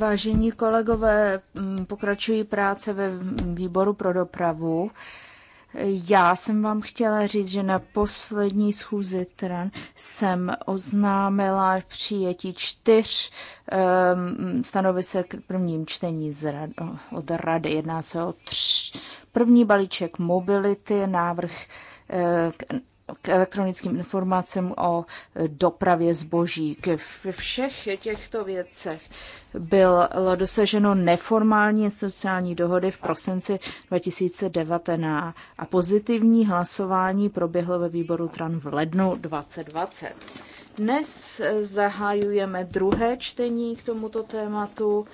Vážení kolegové, mm, pokračují práce ve výboru pro dopravu. Já jsem vám chtěla říct, že na poslední schůzi TRAN jsem oznámila přijetí čtyř um, stanovisek k prvním čtení z rad, od rady. Jedná se o tři. První balíček mobility, návrh eh, k elektronickým informacím o dopravě zboží. K všech těchto věcech bylo dosaženo neformální sociální dohody v prosinci 2019 a pozitivní hlasování proběhlo ve výboru TRAN v lednu 2020. Dnes zahajujeme druhé čtení k tomuto tématu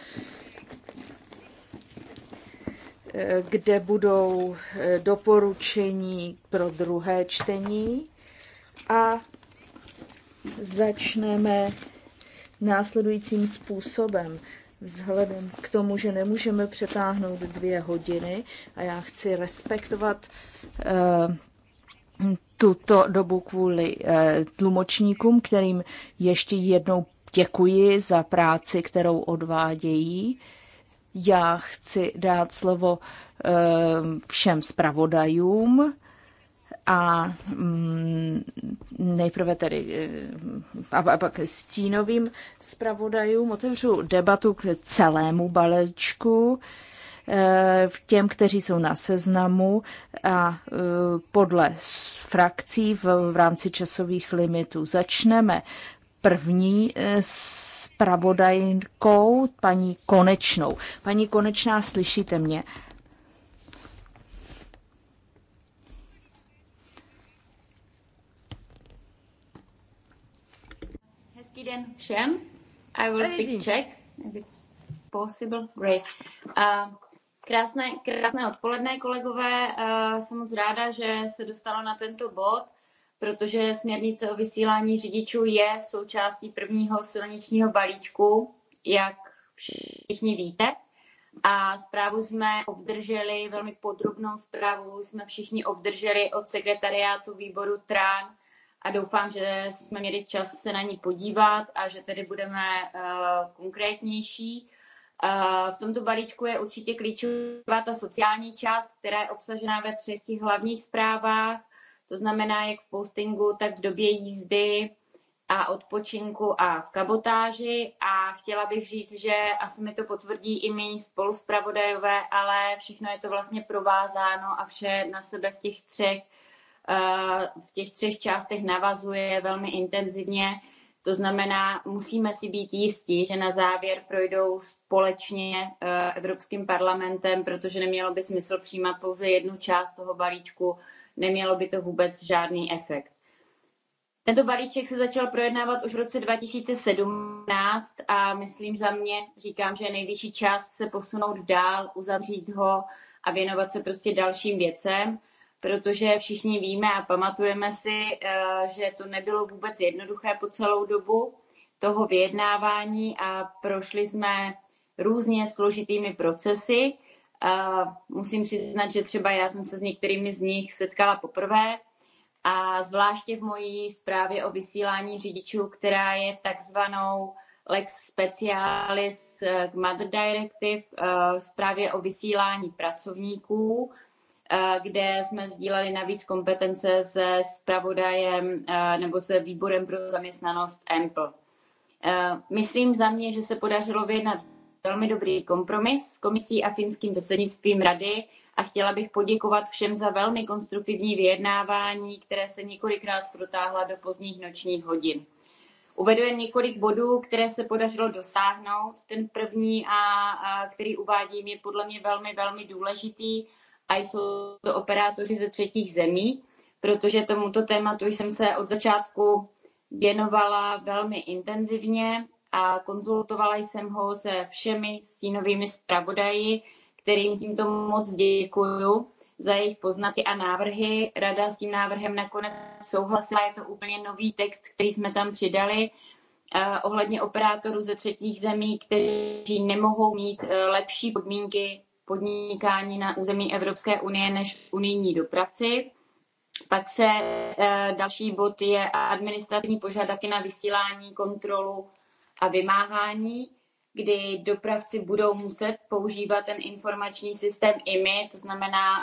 kde budou eh, doporučení pro druhé čtení a začneme následujícím způsobem. Vzhledem k tomu, že nemůžeme přetáhnout dvě hodiny a já chci respektovat eh, tuto dobu kvůli eh, tlumočníkům, kterým ještě jednou děkuji za práci, kterou odvádějí. Já chci dát slovo eh, všem zpravodajům a mm, nejprve tedy eh, a pak stínovým zpravodajům otevřu debatu k celému balečku v eh, těm, kteří jsou na seznamu a podle frakcí v, v rámci časových limitů. Začneme první zpravodajkou, eh, paní Konečnou. Paní Konečná, slyšíte mě? Hezký den všem. I will speak Czech, if it's possible. Great. Uh, krásné, krásné odpoledne, kolegové. Uh, jsem moc ráda, že se dostalo na tento bod protože směrnice o vysílání řidičů je součástí prvního silničního balíčku, jak všichni víte. A zprávu jsme obdrželi, velmi podrobnou zprávu jsme všichni obdrželi od sekretariátu výboru TRAN a doufám, že jsme měli čas se na ní podívat a že tedy budeme uh, konkrétnější. Uh, v tomto balíčku je určitě klíčová ta sociální část, která je obsažená ve třetích hlavních zprávách to znamená, jak v postingu, tak v době jízdy a odpočinku a v kabotáži. A chtěla bych říct, že asi mi to potvrdí i mý spoluspravodajové, ale všechno je to vlastně provázáno a vše na sebe v těch třech eh, v těch třech částech navazuje velmi intenzivně. To znamená, musíme si být jistí, že na závěr projdou společně eh, Evropským parlamentem, protože nemělo by smysl přijímat pouze jednu část toho balíčku, nemělo by to vůbec žádný efekt. Tento balíček se začal projednávat už v roce 2017 a myslím za mě, říkám, že je nejvyšší čas se posunout dál, uzavřít ho a věnovat se prostě dalším věcem, protože všichni víme a pamatujeme si, eh, že to nebylo vůbec jednoduché po celou dobu toho vyjednávání a prošli jsme různě složitými procesy. A musím přiznat, že třeba já jsem se s některými z nich setkala poprvé a zvláště v mojí zprávě o vysílání řidičů, která je takzvanou lex specialis k eh, Mother Directive, eh, zprávě o vysílání pracovníků, eh, kde jsme sdíleli navíc kompetence se spravodajem nebo se výborem pro zaměstnanost EMPL. Myslím za mě, že se podařilo vyjednat velmi dobrý kompromis s komisí a finským předsednictvím rady a chtěla bych poděkovat všem za velmi konstruktivní vyjednávání, které se několikrát protáhla do pozdních nočních hodin. Uvedu jen několik bodů, které se podařilo dosáhnout. Ten první, a, a který uvádím, je podle mě velmi, velmi důležitý a jsou to operátoři ze třetích zemí, protože tomuto tématu jsem se od začátku věnovala velmi intenzivně a konzultovala jsem ho se všemi stínovými zpravodaji, kterým tímto moc děkuju za jejich poznatky a návrhy. Rada s tím návrhem nakonec souhlasila, je to úplně nový text, který jsme tam přidali eh, ohledně operátorů ze třetích zemí, kteří nemohou mít eh, lepší podmínky podnikání na území Evropské unie než unijní dopravci. Pak se eh, další bod je administrativní požadavky na vysílání, kontrolu a vymáhání, kdy dopravci budou muset používat ten informační systém IMI, to znamená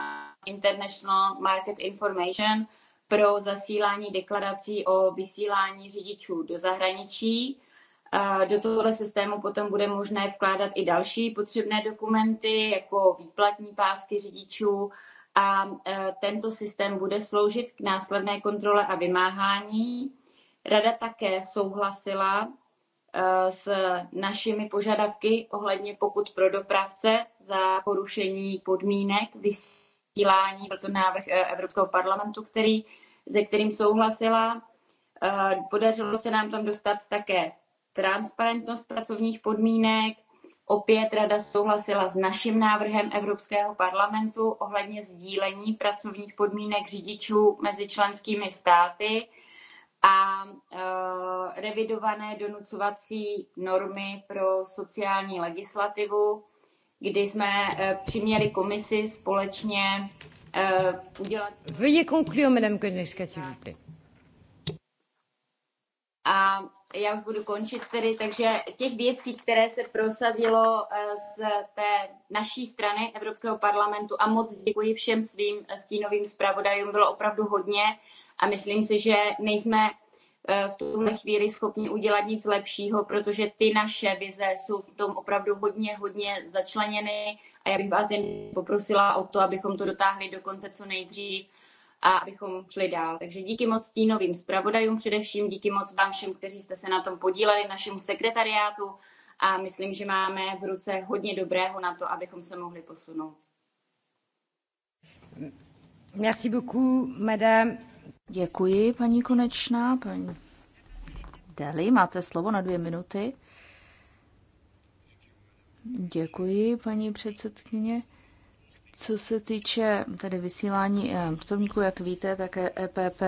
International Market Information, pro zasílání deklarací o vysílání řidičů do zahraničí. Eh, do tohoto systému potom bude možné vkládat i další potřebné dokumenty, jako výplatní pásky řidičů, a eh, tento systém bude sloužit k následné kontrole a vymáhání. Rada také souhlasila Eh, s našimi požadavky ohledně pokud pro dopravce za porušení podmínek vysílání, proto návrh eh, Evropského parlamentu, který, ze kterým souhlasila. Eh, podařilo se nám tam dostat také transparentnost pracovních podmínek. Opět rada souhlasila s naším návrhem Evropského parlamentu ohledně sdílení pracovních podmínek řidičů mezi členskými státy a e, revidované donucovací normy pro sociální legislativu, kdy jsme e, přiměli komisi společně e, udělat... Veuillez conclure, Madame Konečka, s'il vous plaît. A já už budu končit tedy, takže těch věcí, které se prosadilo z té naší strany Evropského parlamentu a moc děkuji všem svým stínovým zpravodajům, bylo opravdu hodně a myslím si, že nejsme eh, v tuhle chvíli schopni udělat nic lepšího, protože ty naše vize jsou v tom opravdu hodně, hodně začleněny a já bych vás jen poprosila o to, abychom to dotáhli do konce co nejdřív a abychom šli dál. Takže díky moc novým zpravodajům především, díky moc vám všem, kteří jste se na tom podíleli, našemu sekretariátu a myslím, že máme v ruce hodně dobrého na to, abychom se mohli posunout. Merci beaucoup, madame. Děkuji, paní Konečná. Paní Deli, máte slovo na dvě minuty. Děkuji, paní předsedkyně. Co se týče tedy vysílání eh, pracovníků, jak víte, tak EPP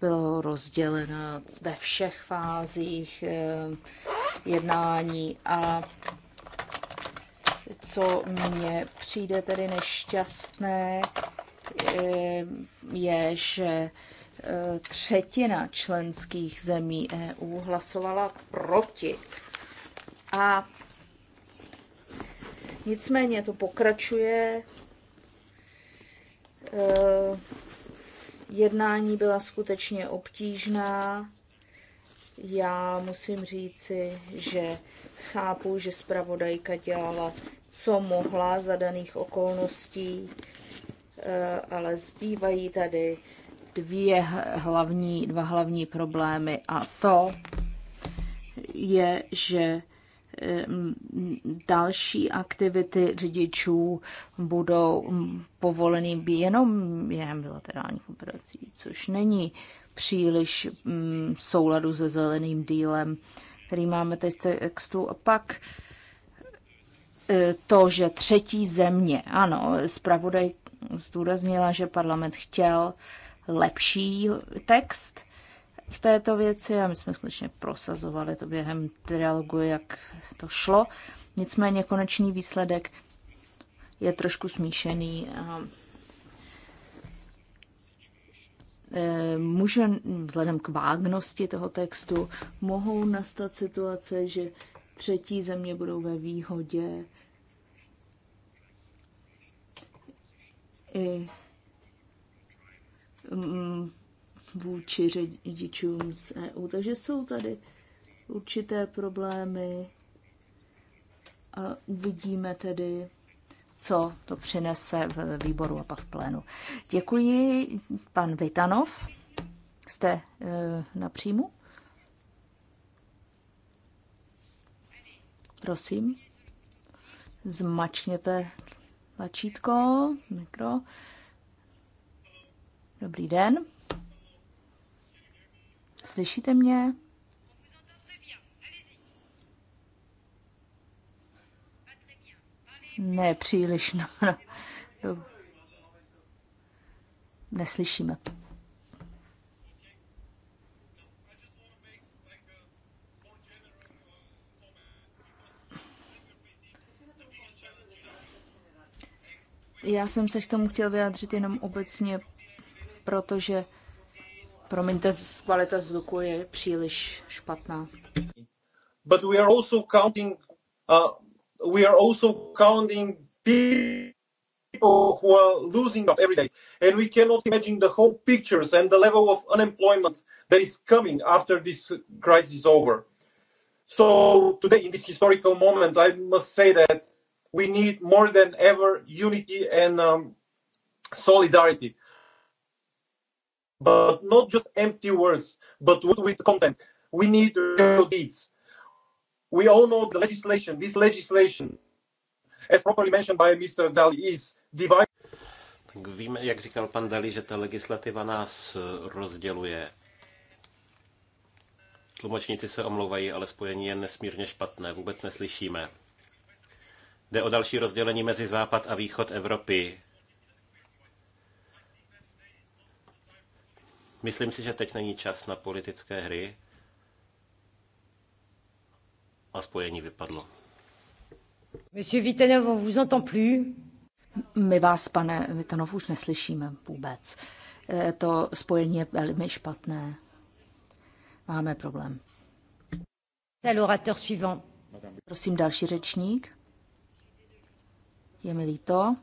bylo rozděleno ve všech fázích eh, jednání a co mně přijde tedy nešťastné, Eh, je, že eh, třetina členských zemí EU hlasovala proti. A nicméně to pokračuje. Eh, jednání byla skutečně obtížná. Já musím říci, že chápu, že zpravodajka dělala, co mohla za daných okolností Eh, ale zbývají tady dvě hlavní, dva hlavní problémy a to je, že eh, další aktivity řidičů budou povoleny jenom během bilaterálních operací, což není příliš v souladu se zeleným dílem, který máme teď v textu. A pak eh, to, že třetí země, ano, zpravodaj zdůraznila, že parlament chtěl lepší text v této věci a my jsme skutečně prosazovali to během dialogu, jak to šlo. Nicméně konečný výsledek je trošku smíšený. Eh, může, vzhledem k vágnosti toho textu, mohou nastat situace, že třetí země budou ve výhodě i mm, vůči řidičům z EU. Takže jsou tady určité problémy a uvidíme tedy, co to přinese v výboru a pak v plénu. Děkuji, pan Vitanov. Jste e, na příjmu? Prosím, zmačkněte tlačítko, mikro. Dobrý den. Slyšíte mě? Ne, příliš. No, no. Neslyšíme. Já jsem se k tomu chtěl vyjádřit jenom obecně, protože, promiňte, kvalita zvuku je příliš špatná. But we are also counting, uh, we are also counting people who are losing up every day. And we cannot imagine the whole pictures and the level of unemployment that is coming after this crisis is over. So today, in this historical moment, I must say that we need more than ever unity and um, solidarity. But not just empty words, but with content. We need real deeds. We all know the legislation, this legislation, as properly mentioned by Mr. Dali, is divided. Tak víme, jak říkal pan Dali, že ta legislativa nás eh, rozděluje. Tlumočníci se omlouvají, ale spojení je nesmírně špatné, vůbec neslyšíme. Jde o další rozdělení mezi západ a východ Evropy. Myslím si, že teď není čas na politické hry. A spojení vypadlo. Monsieur Vitanov, on vous entend plus. My vás, pane Vitanov, už neslyšíme vůbec. E, to spojení je velmi špatné. Máme problém. Prosím, další řečník. Je mi líto.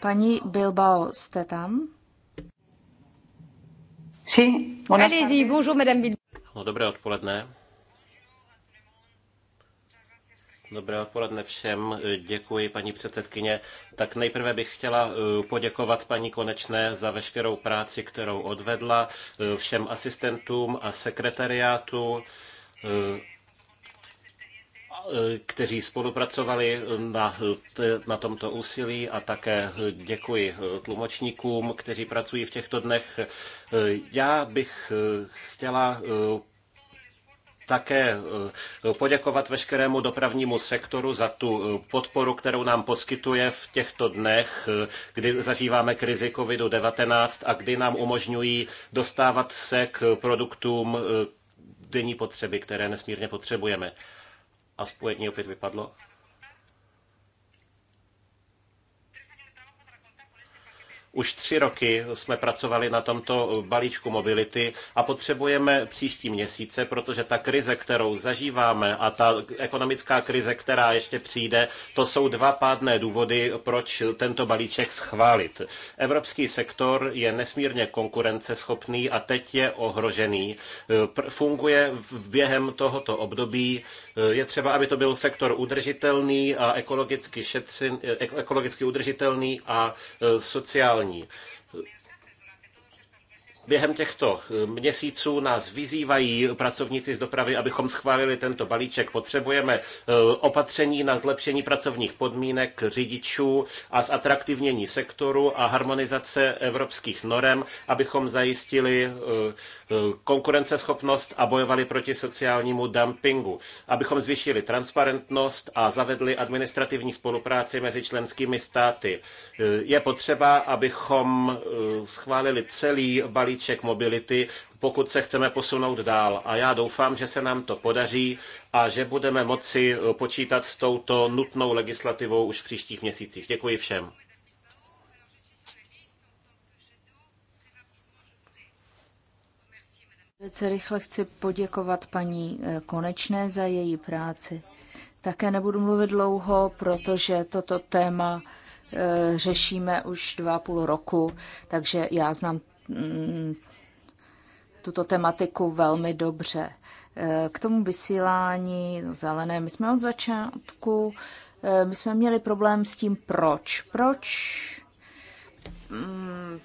Paní Bilbao, jste tam? Sí, Allez-y, bonjour, madame Bilbao. No, dobré odpoledne. Dobré odpoledne všem, děkuji paní předsedkyně. Tak nejprve bych chtěla eh, poděkovat paní Konečné za veškerou práci, kterou odvedla, eh, všem asistentům a sekretariátu eh, kteří spolupracovali na, na tomto úsilí a také děkuji tlumočníkům, kteří pracují v těchto dnech. Já bych chtěla také poděkovat veškerému dopravnímu sektoru za tu podporu, kterou nám poskytuje v těchto dnech, kdy zažíváme krizi COVID-19 a kdy nám umožňují dostávat se k produktům denní potřeby, které nesmírně potřebujeme a spojení opět vypadlo. Už tři roky jsme pracovali na tomto balíčku mobility a potřebujeme příští měsíce, protože ta krize, kterou zažíváme a ta ekonomická krize, která ještě přijde, to jsou dva pádné důvody, proč tento balíček schválit. Evropský sektor je nesmírně konkurenceschopný a teď je ohrožený. Funguje během tohoto období. Je třeba, aby to byl sektor udržitelný a ekologicky, e, ekologicky udržitelný a e, sociální sdělení. Během těchto eh, měsíců nás vyzývají pracovníci z dopravy, abychom schválili tento balíček. Potřebujeme eh, opatření na zlepšení pracovních podmínek řidičů a zatraktivnění sektoru a harmonizace evropských norem, abychom zajistili eh, konkurenceschopnost a bojovali proti sociálnímu dumpingu. Abychom zvýšili transparentnost a zavedli administrativní spolupráci mezi členskými státy. Je potřeba, abychom schválili celý balíček balíček mobility, pokud se chceme posunout dál. A já doufám, že se nám to podaří a že budeme moci eh, počítat s touto nutnou legislativou už v příštích měsících. Děkuji všem. Velice rychle chci poděkovat paní eh, Konečné za její práci. Také nebudu mluvit dlouho, protože toto téma eh, řešíme už dva půl roku, takže já znám Mm, tuto tematiku velmi dobře. Eh, k tomu vysílání zelené, my jsme od začátku, eh, my jsme měli problém s tím, proč. Proč mm,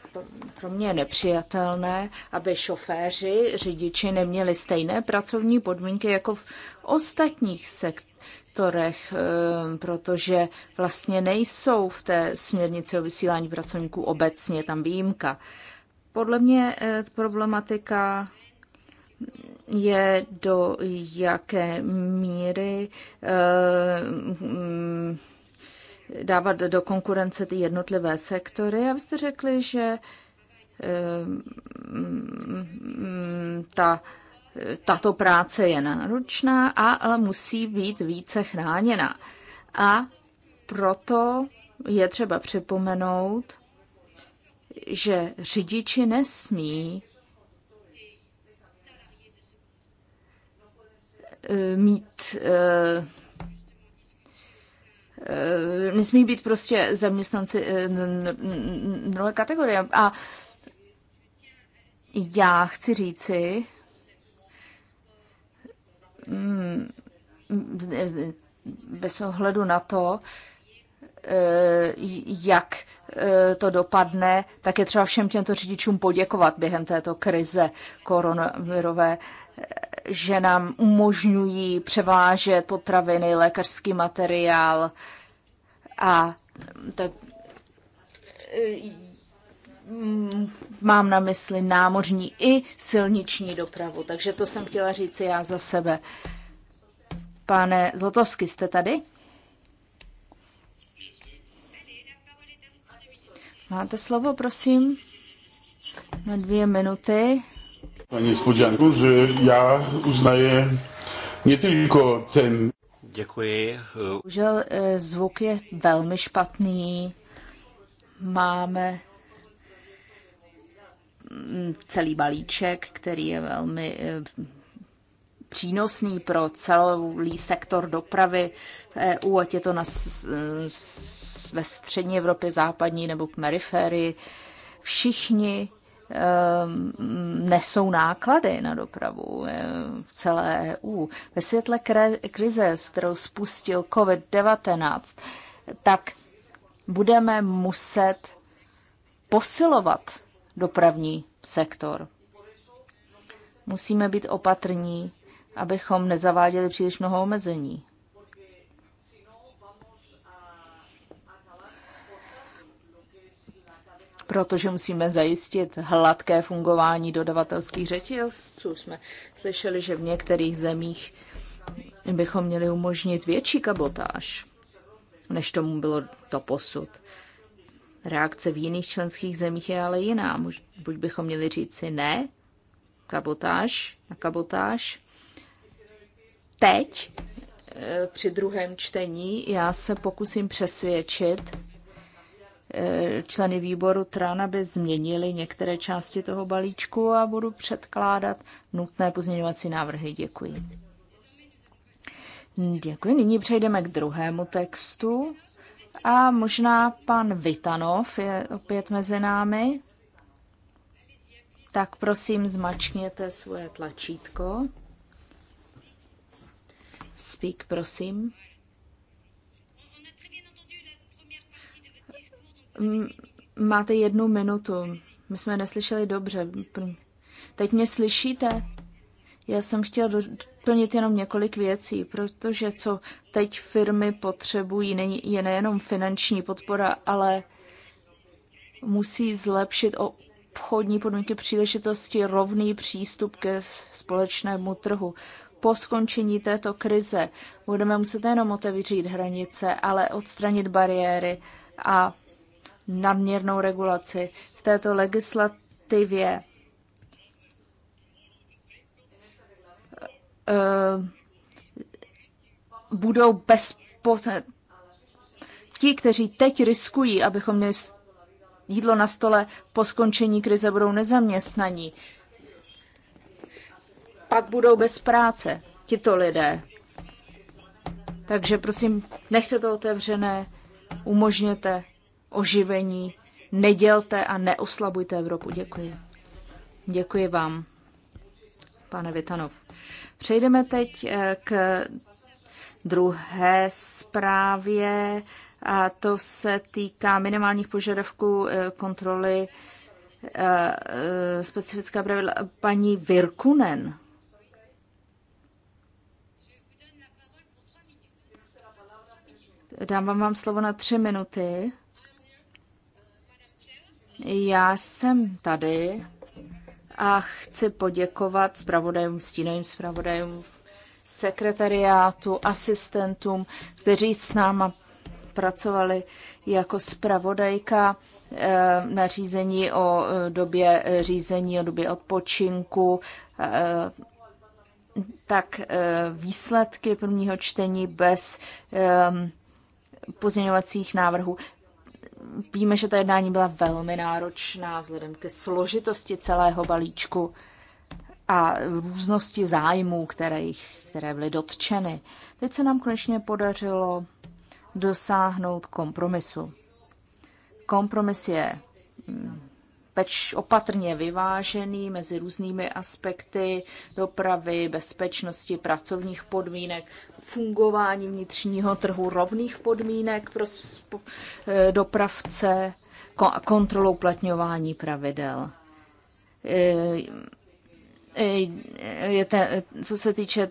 pro mě je nepřijatelné, aby šoféři, řidiči neměli stejné pracovní podmínky jako v ostatních sektorech, eh, protože vlastně nejsou v té směrnici o vysílání pracovníků obecně tam výjimka. Podle mě eh, problematika je do jaké míry eh, dávat do konkurence ty jednotlivé sektory. Abyste řekli, že eh, ta, tato práce je náročná, a, ale musí být více chráněna. A proto je třeba připomenout, že řidiči nesmí eh, mít eh, eh, nesmí být prostě zaměstnanci nové kategorie. A já chci říci, mm, bez ohledu na to, Eh, jak eh, to dopadne, tak je třeba všem těmto řidičům poděkovat během této krize koronavirové, eh, že nám umožňují převážet potraviny, lékařský materiál a tak mám na mysli námořní i silniční dopravu. Takže to jsem chtěla říct já za sebe. Pane Zlotovsky, jste tady? Máte slovo, prosím, na dvě minuty. Pani Spodňanku, že já uznaje mě tylko ten... Děkuji. Užel eh, zvuk je velmi špatný. Máme mm, celý balíček, který je velmi eh, přínosný pro celý sektor dopravy v EU, ať je to na eh, ve střední Evropě, západní nebo v periferii, všichni ehm, nesou náklady na dopravu eh, v celé EU. Ve světle krize, s kterou spustil COVID-19, tak budeme muset posilovat dopravní sektor. Musíme být opatrní, abychom nezaváděli příliš mnoho omezení. protože musíme zajistit hladké fungování dodavatelských řetězců. Jsme slyšeli, že v některých zemích bychom měli umožnit větší kabotáž, než tomu bylo to posud. Reakce v jiných členských zemích je ale jiná. Buď bychom měli říct si ne, kabotáž, na kabotáž. Teď eh, při druhém čtení já se pokusím přesvědčit Eh, členy výboru TRAN, aby změnili některé části toho balíčku a budu předkládat nutné pozměňovací návrhy. Děkuji. Děkuji. Nyní přejdeme k druhému textu. A možná pan Vitanov je opět mezi námi. Tak prosím, zmačkněte svoje tlačítko. Speak, prosím. Máte jednu minutu. My jsme neslyšeli dobře. Teď mě slyšíte? Já jsem chtěl doplnit jenom několik věcí, protože co teď firmy potřebují, je nejenom finanční podpora, ale musí zlepšit o obchodní podmínky příležitosti rovný přístup ke společnému trhu. Po skončení této krize budeme muset jenom otevřít hranice, ale odstranit bariéry a nadměrnou regulaci. V této legislativě eh, budou bez ti, kteří teď riskují, abychom měli jídlo na stole po skončení krize, budou nezaměstnaní. Pak budou bez práce tito lidé. Takže prosím, nechte to otevřené, umožněte oživení. Nedělte a neoslabujte Evropu. Děkuji. Děkuji vám, pane Vitanov. Přejdeme teď eh, k druhé zprávě a to se týká minimálních požadavků eh, kontroly eh, specifická pravidla paní Virkunen. Dám vám slovo na tři minuty. Já jsem tady a chci poděkovat zpravodajům, stínovým zpravodajům, sekretariátu, asistentům, kteří s náma pracovali jako zpravodajka eh, na řízení o eh, době eh, řízení, o době odpočinku, tak výsledky prvního čtení bez pozměňovacích návrhů Víme, že ta jednání byla velmi náročná vzhledem ke složitosti celého balíčku a různosti zájmů, které, jich, které byly dotčeny. Teď se nám konečně podařilo dosáhnout kompromisu. Kompromis je mm, peč, opatrně vyvážený mezi různými aspekty dopravy, bezpečnosti, pracovních podmínek, fungování vnitřního trhu, rovných podmínek pro eh, dopravce kontrolou platňování pravidel. Eh, eh, je te, co se týče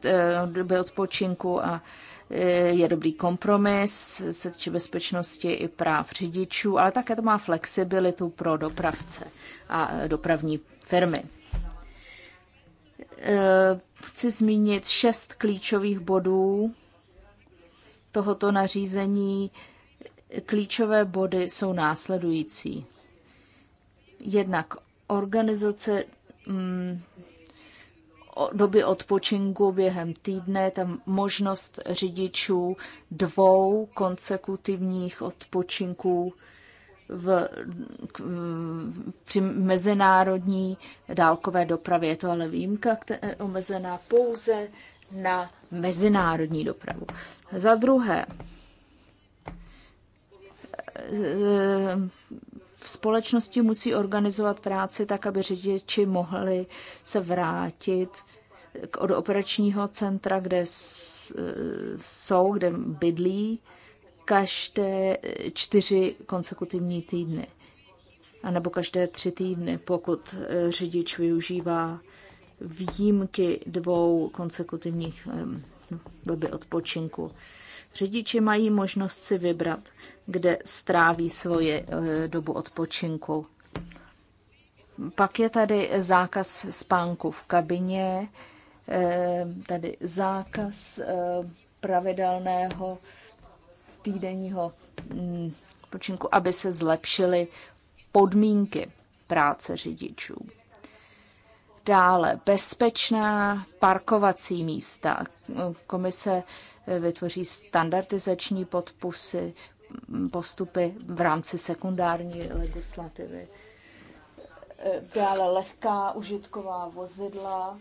doby odpočinku a je dobrý kompromis, se týče bezpečnosti i práv řidičů, ale také to má flexibilitu pro dopravce a e, dopravní firmy. E, chci zmínit šest klíčových bodů tohoto nařízení. Klíčové body jsou následující. Jednak organizace mm, doby odpočinku během týdne, tam možnost řidičů dvou konsekutivních odpočinků v, k, při mezinárodní dálkové dopravě. Je to ale výjimka která je omezená pouze na mezinárodní dopravu. Za druhé, v společnosti musí organizovat práci tak, aby řidiči mohli se vrátit od operačního centra, kde jsou, kde bydlí, každé čtyři konsekutivní týdny. A nebo každé tři týdny, pokud eh, řidič využívá výjimky dvou konsekutivních doby odpočinku. Řidiči mají možnost si vybrat, kde stráví svoji eh, dobu odpočinku. Pak je tady zákaz spánku v kabině, eh, tady zákaz eh, pravidelného týdenního mm, odpočinku, aby se zlepšily podmínky práce řidičů. Dále bezpečná parkovací místa. Komise vytvoří standardizační podpusy, postupy v rámci sekundární legislativy. Dále lehká užitková vozidla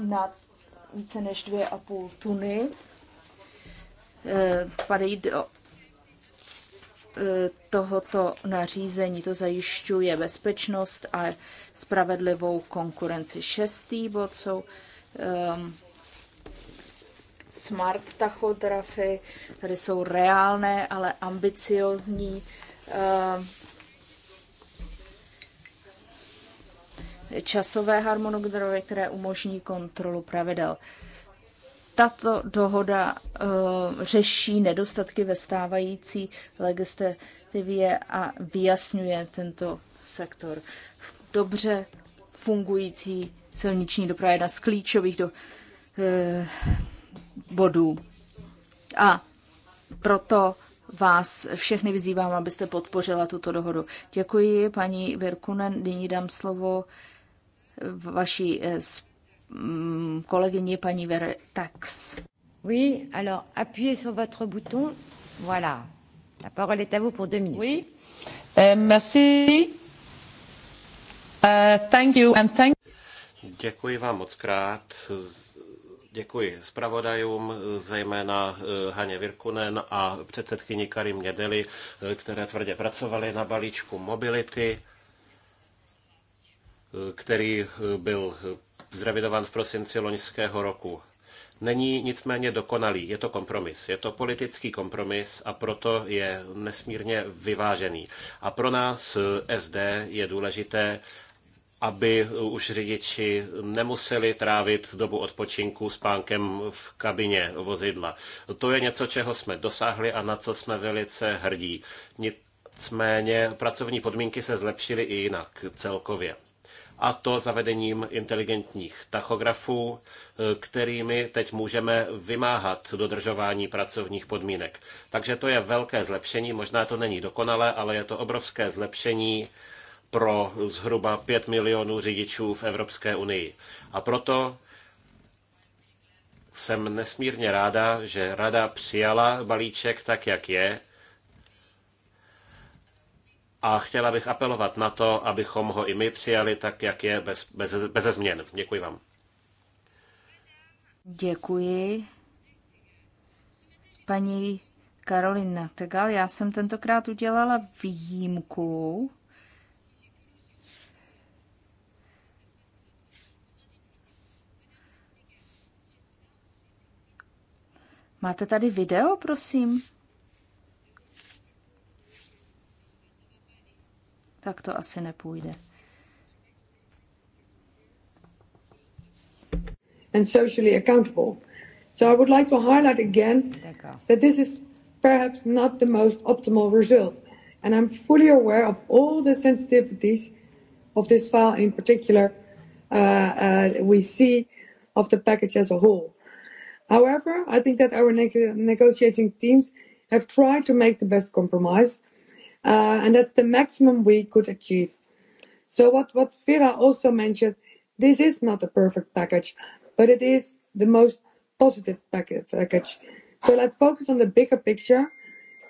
na více než dvě a půl tuny. E, tady do e, tohoto nařízení. To zajišťuje bezpečnost a spravedlivou konkurenci. Šestý bod jsou um, smart tachografy, tady jsou reálné, ale ambiciozní. Um, časové harmonogramy, které umožní kontrolu pravidel. Tato dohoda uh, řeší nedostatky ve stávající legislativě a vyjasňuje tento sektor. Dobře fungující Silniční doprava je jedna z klíčových do, eh, bodů. A proto vás všechny vyzývám, abyste podpořila tuto dohodu. Děkuji, paní Virkunen. Nyní dám slovo vaší eh, mm, kolegyni, paní Vertax. Oui, alors appuyez sur votre bouton. Voilà. La parole est à vous pour deux minutes. Oui. Euh, merci. Uh, thank you and thank Děkuji vám moc krát. Děkuji zpravodajům, zejména eh, Haně Virkunen a předsedkyni Karim Nedeli, eh, které tvrdě pracovali na balíčku mobility, eh, který byl zrevidován v prosinci loňského roku. Není nicméně dokonalý, je to kompromis. Je to politický kompromis a proto je nesmírně vyvážený. A pro nás SD je důležité, aby eh, už řidiči nemuseli trávit dobu odpočinku spánkem v kabině vozidla. To je něco, čeho jsme dosáhli a na co jsme velice hrdí. Nicméně pracovní podmínky se zlepšily i jinak celkově a to zavedením inteligentních tachografů, eh, kterými teď můžeme vymáhat dodržování pracovních podmínek. Takže to je velké zlepšení, možná to není dokonalé, ale je to obrovské zlepšení pro zhruba 5 milionů řidičů v Evropské unii. A proto jsem nesmírně ráda, že Rada přijala balíček tak, jak je. A chtěla bych apelovat na to, abychom ho i my přijali tak, jak je, bez, bez, bez změn. Děkuji vám. Děkuji. Paní Karolina Tegal, já jsem tentokrát udělala výjimku Máte tady video, prosím? Tak to asi nepůjde. And socially accountable. So I would like to highlight again that this is perhaps not the most optimal result. And I'm fully aware of all the sensitivities of this file in particular uh, uh, we see of the package as a whole. However, I think that our neg- negotiating teams have tried to make the best compromise, uh, and that's the maximum we could achieve. So what, what Vera also mentioned, this is not a perfect package, but it is the most positive package. So let's focus on the bigger picture.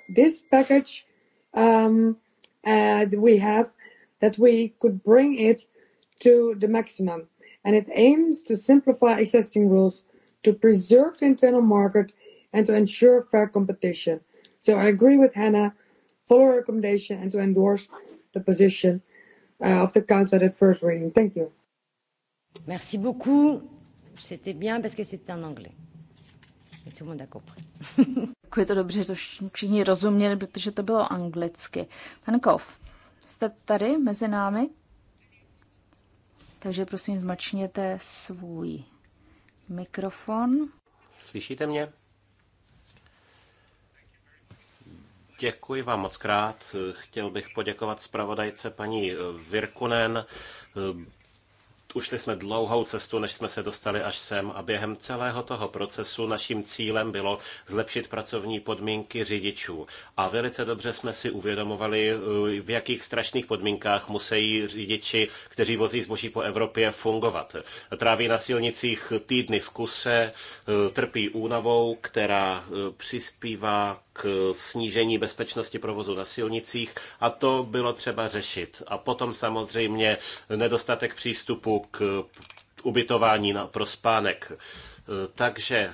This package um, uh, we have, that we could bring it to the maximum. And it aims to simplify existing rules, to preserve the internal market and to ensure fair competition. So I agree with Hannah, follow her recommendation and to endorse the position uh, of the Council at first reading. Thank you. Merci beaucoup. C'était bien parce que c'était en anglais. Et tout le monde a compris. Děkuji to dobře, to všichni rozuměli, protože to bylo anglicky. Pan Kov, jste tady mezi námi? Takže prosím, zmačněte svůj Mikrofon. Slyšíte mě? Děkuji vám moc krát. Chtěl bych poděkovat zpravodajce paní Virkunen ušli jsme dlouhou cestu, než jsme se dostali až sem a během celého toho procesu naším cílem bylo zlepšit pracovní podmínky řidičů. A velice dobře jsme si uvědomovali, eh, v jakých strašných podmínkách musí řidiči, kteří vozí zboží po Evropě, fungovat. Tráví na silnicích týdny v kuse, eh, trpí únavou, která eh, přispívá k snížení bezpečnosti provozu na silnicích a to bylo třeba řešit. A potom samozřejmě nedostatek přístupu k ubytování na, pro spánek. E, takže e,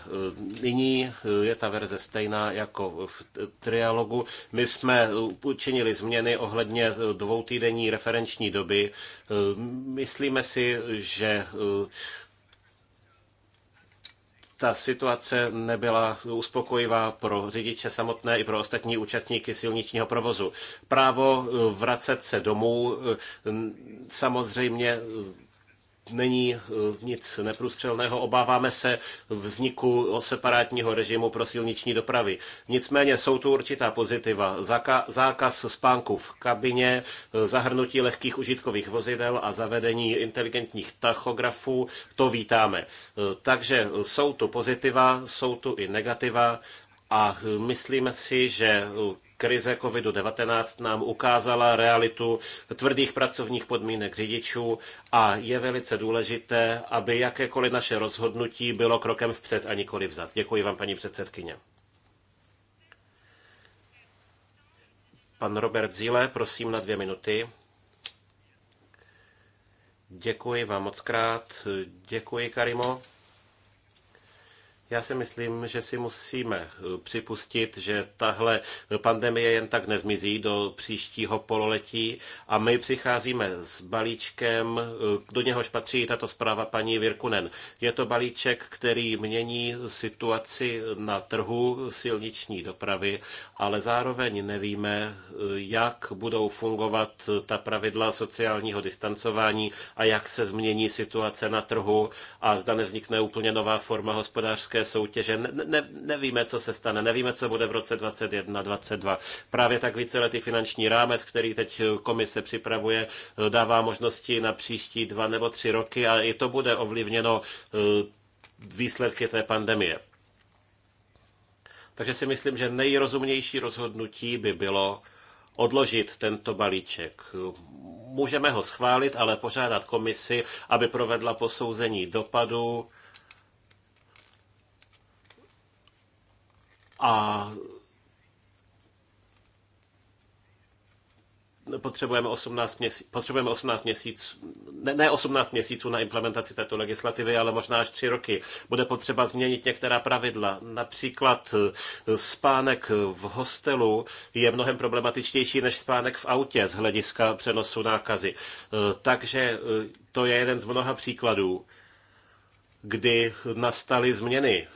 nyní e, je ta verze stejná jako v trialogu. My jsme učinili změny ohledně dvoutýdenní referenční doby. Myslíme si, že ta situace nebyla uspokojivá pro řidiče samotné i pro ostatní účastníky silničního provozu. Právo vracet se domů eh, samozřejmě není eh, nic neprůstřelného. Obáváme se vzniku separátního režimu pro silniční dopravy. Nicméně jsou tu určitá pozitiva. Zákaz spánku v kabině, eh, zahrnutí lehkých užitkových vozidel a zavedení inteligentních tachografů, to vítáme. Eh, takže jsou tu pozitiva, jsou tu i negativa a myslíme si, že Krize COVID-19 nám ukázala realitu tvrdých pracovních podmínek řidičů a je velice důležité, aby jakékoliv naše rozhodnutí bylo krokem vpřed a nikoli vzad. Děkuji vám, paní předsedkyně. Pan Robert Zíle, prosím na dvě minuty. Děkuji vám moc krát. Děkuji, Karimo. Já si myslím, že si musíme eh, připustit, že tahle pandemie jen tak nezmizí do příštího pololetí a my přicházíme s balíčkem, eh, do něhož patří tato zpráva paní Virkunen. Je to balíček, který mění situaci na trhu silniční dopravy, ale zároveň nevíme, eh, jak budou fungovat ta pravidla sociálního distancování a jak se změní situace na trhu a zda nevznikne úplně nová forma hospodářské soutěže. Ne, ne, nevíme, co se stane, nevíme, co bude v roce 2021-2022. Právě tak víceletý finanční rámec, který teď komise připravuje, dává možnosti na příští dva nebo tři roky a i to bude ovlivněno eh, výsledky té pandemie. Takže si myslím, že nejrozumnější rozhodnutí by bylo odložit tento balíček. Můžeme ho schválit, ale požádat komisi, aby provedla posouzení dopadu A potřebujeme 18, měsíc, potřebujeme 18 měsíců, ne, ne 18 měsíců na implementaci této legislativy, ale možná až 3 roky. Bude potřeba změnit některá pravidla. Například eh, spánek v hostelu je mnohem problematičtější než spánek v autě z hlediska přenosu nákazy. Eh, takže eh, to je jeden z mnoha příkladů, kdy nastaly změny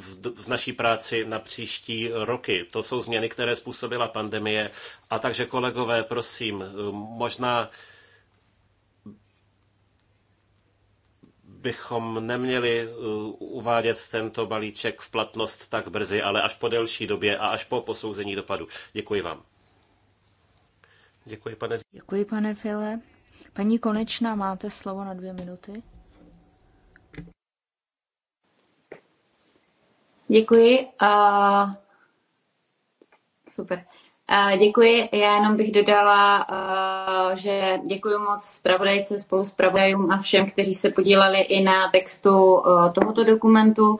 v, v naší práci na příští roky. To jsou změny, které způsobila pandemie. A takže kolegové, prosím, možná bychom neměli eh, uvádět tento balíček v platnost tak brzy, ale až po delší době a až po posouzení dopadu. Děkuji vám. Děkuji, pane. Děkuji, pane File. Paní Konečná, máte slovo na dvě minuty. Děkuji. Uh, super. Uh, děkuji. Já jenom bych dodala, uh, že děkuji moc zpravodajce, spolu zpravodajům a všem, kteří se podíleli i na textu uh, tohoto dokumentu, uh,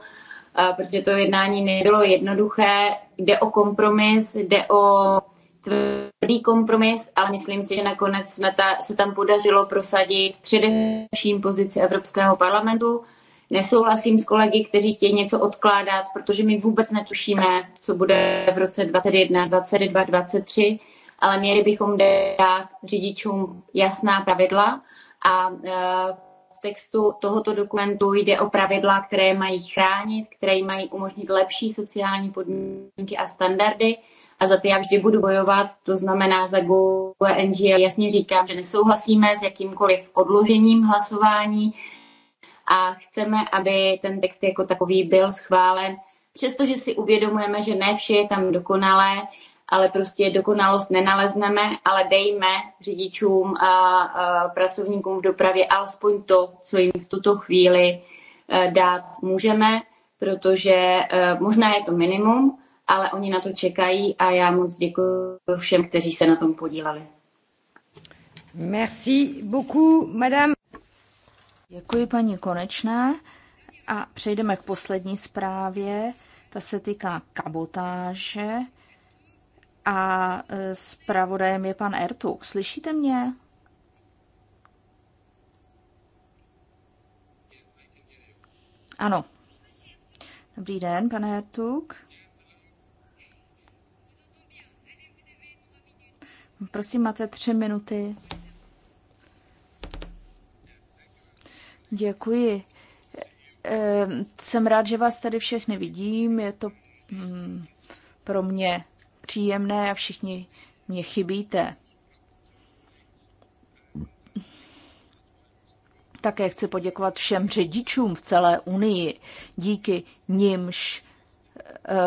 protože to jednání nebylo jednoduché. Jde o kompromis, jde o tvrdý kompromis, ale myslím si, že nakonec jsme ta, se tam podařilo prosadit především pozici Evropského parlamentu Nesouhlasím s kolegy, kteří chtějí něco odkládat, protože my vůbec netušíme, co bude v roce 2021, 2022, 2023, ale měli bychom dát řidičům jasná pravidla a e, v textu tohoto dokumentu jde o pravidla, které mají chránit, které mají umožnit lepší sociální podmínky a standardy, a za ty já vždy budu bojovat, to znamená za GUE NGL jasně říkám, že nesouhlasíme s jakýmkoliv odložením hlasování, a chceme, aby ten text jako takový byl schválen, přestože si uvědomujeme, že ne vše je tam dokonalé, ale prostě dokonalost nenalezneme, ale dejme řidičům a, a pracovníkům v dopravě alespoň to, co jim v tuto chvíli e, dát můžeme, protože e, možná je to minimum, ale oni na to čekají a já moc děkuji všem, kteří se na tom podílali. Merci beaucoup, madame. Děkuji paní Konečné a přejdeme k poslední zprávě. Ta se týká kabotáže a e, zpravodajem je pan Ertuk. Slyšíte mě? Ano. Dobrý den, pane Ertuk. Prosím, máte tři minuty. Děkuji. Eh, jsem rád, že vás tady všechny vidím. Je to mm, pro mě příjemné a všichni mě chybíte. Také chci poděkovat všem řidičům v celé Unii. Díky nimž eh,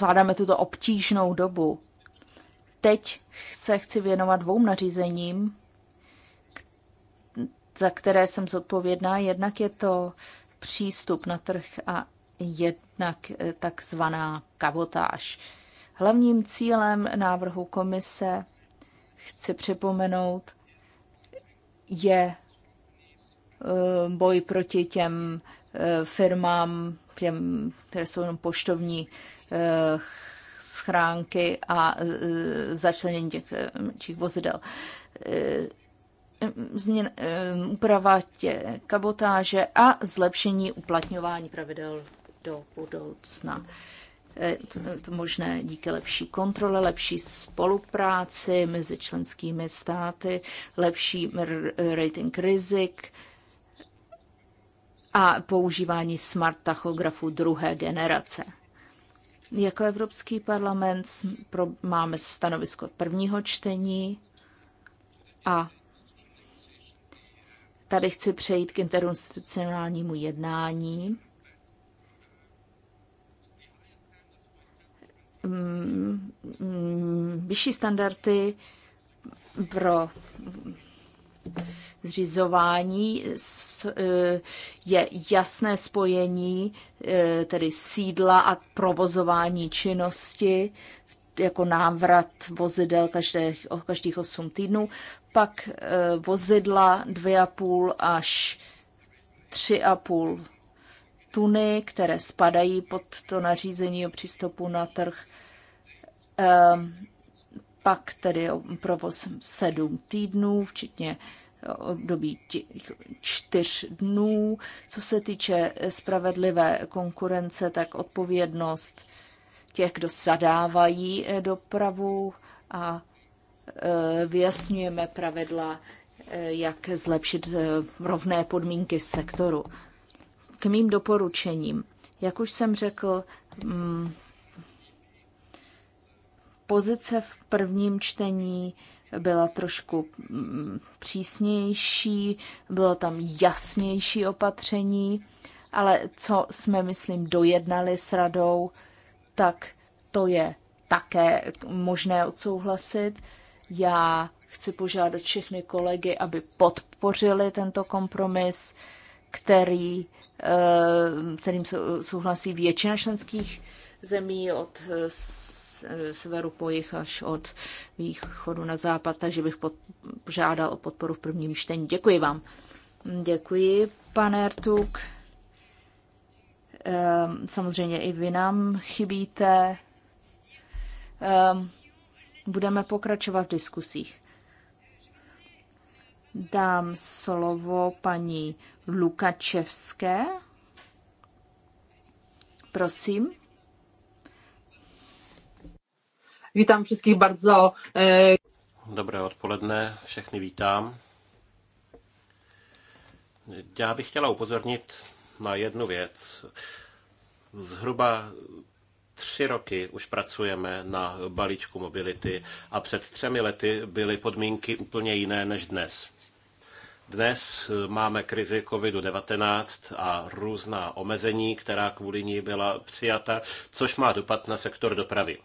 vládáme tuto obtížnou dobu. Teď se chci věnovat dvou nařízením, za které jsem zodpovědná. Jednak je to přístup na trh a jednak eh, takzvaná kabotáž. Hlavním cílem návrhu komise, chci připomenout, je eh, boj proti těm eh, firmám, těm, které jsou jenom poštovní schránky a začlenění těch, těch vozidel. Eh, změn, eh, úprava tě, kabotáže a zlepšení uplatňování pravidel do budoucna. Eh, to možné díky lepší kontrole, lepší spolupráci mezi členskými státy, lepší rating rizik a používání smart tachografu druhé generace. Jako Evropský parlament máme stanovisko prvního čtení a Tady chci přejít k interinstitucionálnímu jednání. Mm, mm, vyšší standardy pro zřizování eh, je jasné spojení eh, tedy sídla a provozování činnosti jako návrat vozidel každých, každých 8 týdnů, pak e, vozidla 2,5 až 3,5 tuny, které spadají pod to nařízení o přístupu na trh, e, pak tedy provoz 7 týdnů, včetně eh, období čtyř dnů. Co se týče eh, spravedlivé konkurence, tak odpovědnost těch, kdo zadávají e, dopravu a e, vyjasňujeme pravidla, e, jak zlepšit rovné podmínky v sektoru. K mým doporučením. Jak už jsem řekl, mm, pozice v prvním čtení byla trošku mm, přísnější, bylo tam jasnější opatření, ale co jsme, myslím, dojednali s radou, tak to je také možné odsouhlasit. Já chci požádat všechny kolegy, aby podpořili tento kompromis, který, eh, kterým souhlasí většina členských zemí od eh, severu po jih až od východu na západ, takže bych pod, požádal o podporu v prvním čtení. Děkuji vám. Děkuji, pane Ertuk. Ehm, samozřejmě i vy nám chybíte. Ehm, budeme pokračovat v diskusích. Dám slovo paní Lukačevské. Prosím. Vítám všech bardzo. Eh, Dobré odpoledne, všechny vítám. Já bych chtěla upozornit na jednu věc. Zhruba tři roky už pracujeme na balíčku mobility a před třemi lety byly podmínky úplně jiné než dnes. Dnes máme krizi COVID-19 a různá omezení, která kvůli ní byla přijata, což má dopad na sektor dopravy.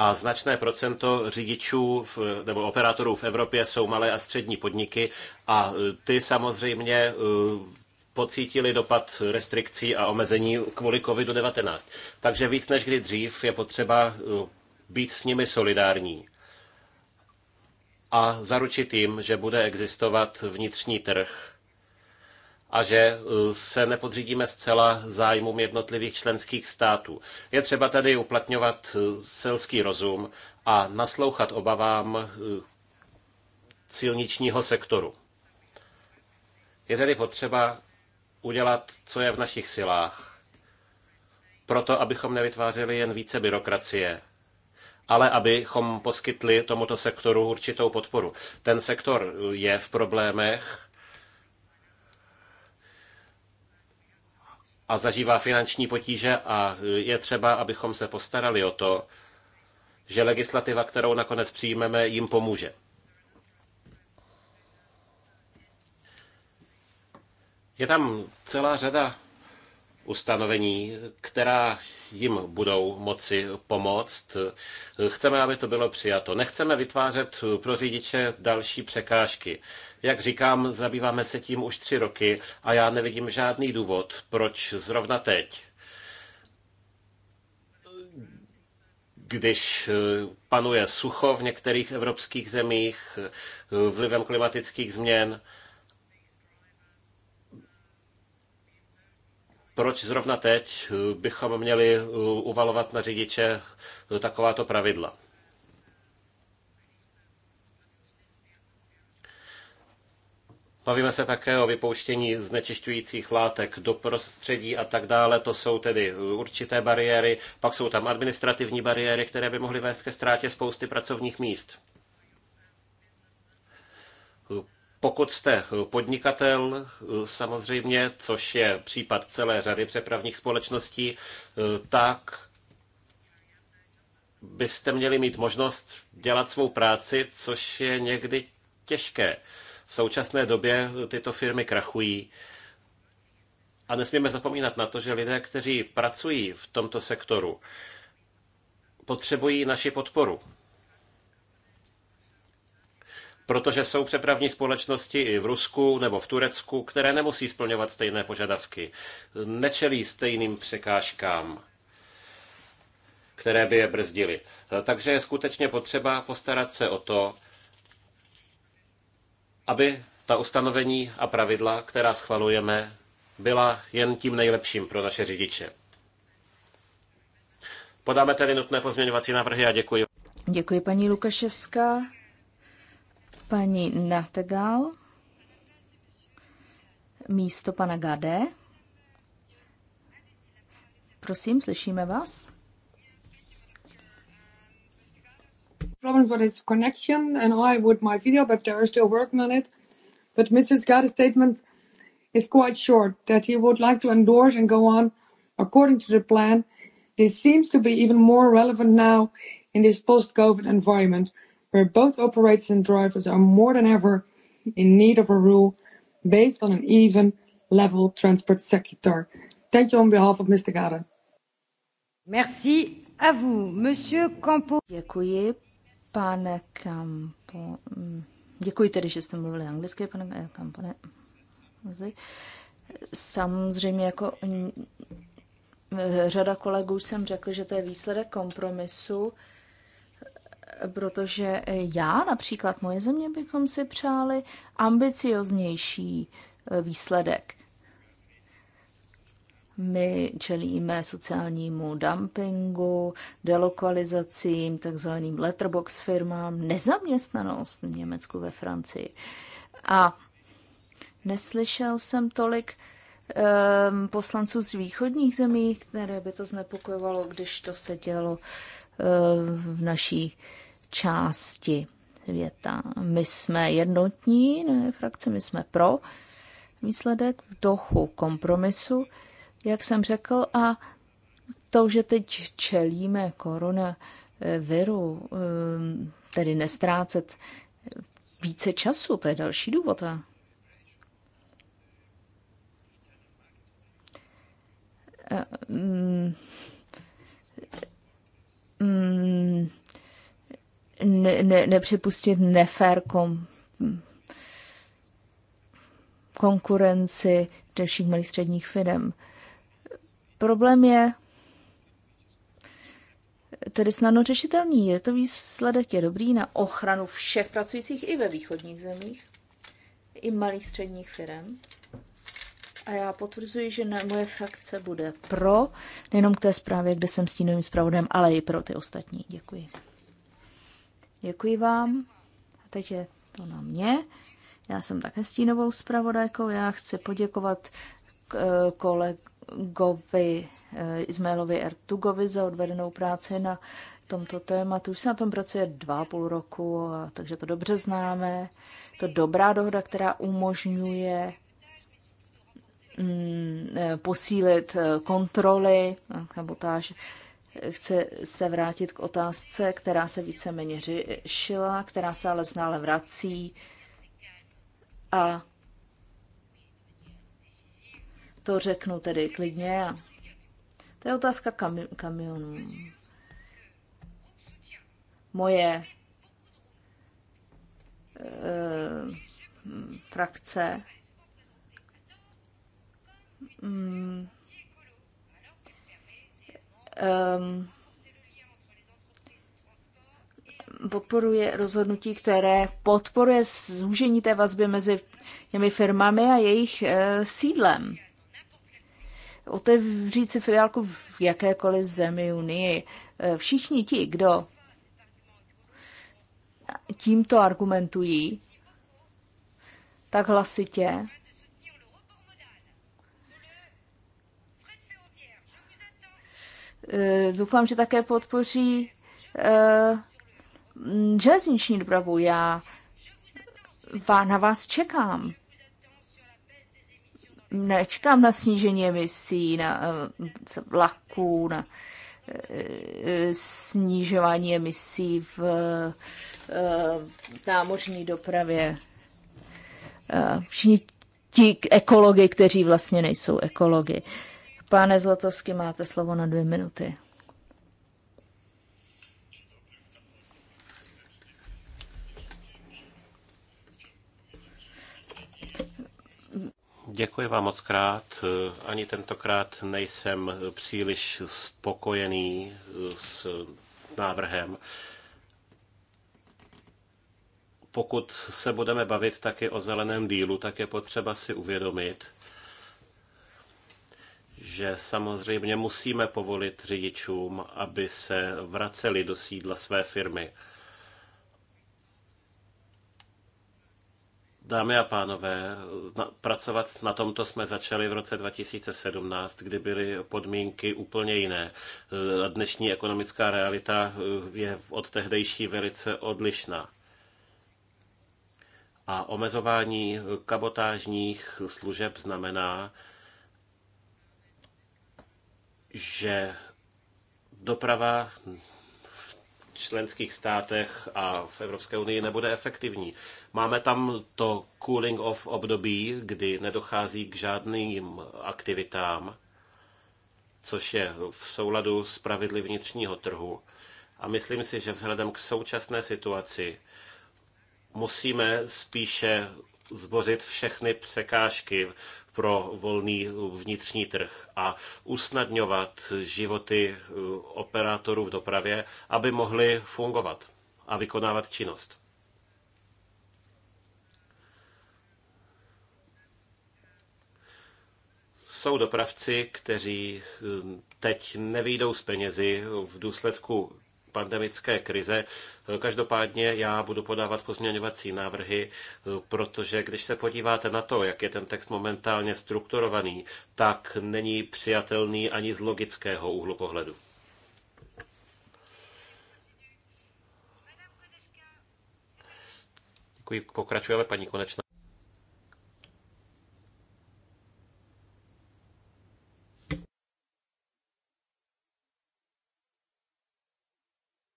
a značné procento řidičů v, nebo operátorů v Evropě jsou malé a střední podniky a e, ty samozřejmě e, pocítili dopad restrikcí a omezení kvůli COVID-19. Takže víc než kdy dřív je potřeba e, být s nimi solidární a zaručit jim, že bude existovat vnitřní trh a že eh, se nepodřídíme zcela zájmům jednotlivých členských států. Je třeba tady uplatňovat eh, selský rozum a naslouchat obavám eh, silničního sektoru. Je tedy potřeba udělat, co je v našich silách, proto abychom nevytvářeli jen více byrokracie, ale abychom poskytli tomuto sektoru určitou podporu. Ten sektor je v problémech, a zažívá finanční potíže a je třeba, abychom se postarali o to, že legislativa, kterou nakonec přijmeme, jim pomůže. Je tam celá řada ustanovení, která jim budou moci pomoct. Chceme, aby to bylo přijato. Nechceme vytvářet pro řidiče další překážky. Jak říkám, zabýváme se tím už tři roky a já nevidím žádný důvod, proč zrovna teď, když eh, panuje sucho v některých evropských zemích eh, vlivem klimatických změn, proč zrovna teď eh, bychom měli uvalovat na řidiče takováto pravidla. Bavíme se také o vypouštění znečišťujících látek do prostředí a tak dále. To jsou tedy uh, určité bariéry. Pak jsou tam administrativní bariéry, které by mohly vést ke ztrátě spousty pracovních míst. Uh, pokud jste uh, podnikatel, samozřejmě, což je případ celé řady přepravních společností, tak byste měli mít možnost dělat svou práci, což je někdy těžké. V současné době tyto firmy krachují. A nesmíme zapomínat na to, že lidé, kteří pracují v tomto sektoru, potřebují naši podporu. Protože jsou přepravní společnosti i v Rusku nebo v Turecku, které nemusí splňovat stejné požadavky, nečelí stejným překážkám, které by je brzdily. Takže je skutečně potřeba postarat se o to, aby ta ustanovení a pravidla, která schvalujeme, byla jen tím nejlepším pro naše řidiče. Podáme tedy nutné pozměňovací návrhy a děkuji. Děkuji paní Lukaševská, paní Nategal, místo pana Gade. Prosím, slyšíme vás. problem, with it's connection and I with my video, but they're still working on it. But Mr. Scott's statement is quite short that he would like to endorse and go on according to the plan. This seems to be even more relevant now in this post COVID environment, where both operators and drivers are more than ever in need of a rule based on an even level transport sector. Thank you on behalf of Mr. Gada. Merci à vous, Monsieur Campo. Děkuji. Pane Kampo, mm, děkuji tedy, že jste mluvili anglicky, pane Kampo, ne, Samozřejmě jako eh, řada kolegů jsem řekl, že to je výsledek kompromisu, protože já například, moje země bychom si přáli ambicioznější eh, výsledek. My čelíme sociálnímu dumpingu, delokalizacím, takzvaným letterbox firmám, nezaměstnanost v Německu, ve Francii. A neslyšel jsem tolik um, poslanců z východních zemí, které by to znepokojovalo, když to se dělo uh, v naší části věta. My jsme jednotní, ne, frakce, my jsme pro výsledek v dochu kompromisu. Uh, jak jsem řekl, a to, že teď čelíme koronaviru, ehm, tedy nestrácet více času, to je další důvod. A mm, mm, ne, ne, nepřipustit nefér kom, konkurenci dalších malých středních firm. Problém je tedy snadno řešitelný. Je to výsledek je dobrý na ochranu všech pracujících i ve východních zemích, i malých středních firm. A já potvrzuji, že na moje frakce bude pro, nejenom k té zprávě, kde jsem stínovým zpravodem, ale i pro ty ostatní. Děkuji. Děkuji vám. A teď je to na mě. Já jsem také stínovou zpravodajkou. Já chci poděkovat kolegům Govi, eh, Izmailovi Ertugovi za odvedenou práci na tomto tématu. Už se na tom pracuje dva půl roku, takže to dobře známe. To dobrá dohoda, která umožňuje mm, eh, posílit eh, kontroly, kabotáž. Chce se vrátit k otázce, která se víceméně řešila, která se ale znále vrací. A to řeknu tedy klidně. To je otázka kami- kamionů. Moje e, frakce mm, um, podporuje rozhodnutí, které podporuje zúžení té vazby mezi těmi firmami a jejich e, sídlem otevřít si filiálku v jakékoliv zemi Unii. Eh, všichni ti, kdo tímto argumentují, tak hlasitě, eh, doufám, že také podpoří uh, železniční dopravu. Já na vás čekám nečekám na snížení emisí, na eh, vlaků, na eh, eh, snižování emisí v námořní dopravě. Všichni ti ekologi, kteří vlastně nejsou ekologi. Pane Zlatovský, máte slovo na dvě minuty. Děkuji vám moc krát. Ani tentokrát nejsem příliš spokojený s návrhem. Pokud se budeme bavit taky o zeleném dílu, tak je potřeba si uvědomit, že samozřejmě musíme povolit řidičům, aby se vraceli do sídla své firmy. Dámy a pánové, pracovat na tomto jsme začali v roce 2017, kdy byly podmínky úplně jiné. E, dnešní ekonomická realita e, je od tehdejší velice odlišná. A omezování kabotážních služeb znamená, že doprava v členských státech a v Evropské unii nebude efektivní. Máme tam to cooling off období, kdy nedochází k žádným aktivitám, což je v souladu s pravidly vnitřního trhu. A myslím si, že vzhledem k současné situaci musíme spíše zbořit všechny překážky pro volný vnitřní trh a usnadňovat životy eh, operátorů v dopravě, aby mohli fungovat a vykonávat činnost. jsou dopravci, kteří hm, teď nevýjdou z penězi v důsledku pandemické krize. Každopádně já budu podávat pozměňovací návrhy, hm, protože když se podíváte na to, jak je ten text momentálně strukturovaný, tak není přijatelný ani z logického úhlu pohledu. Děkuji. Pokračujeme, paní Konečná.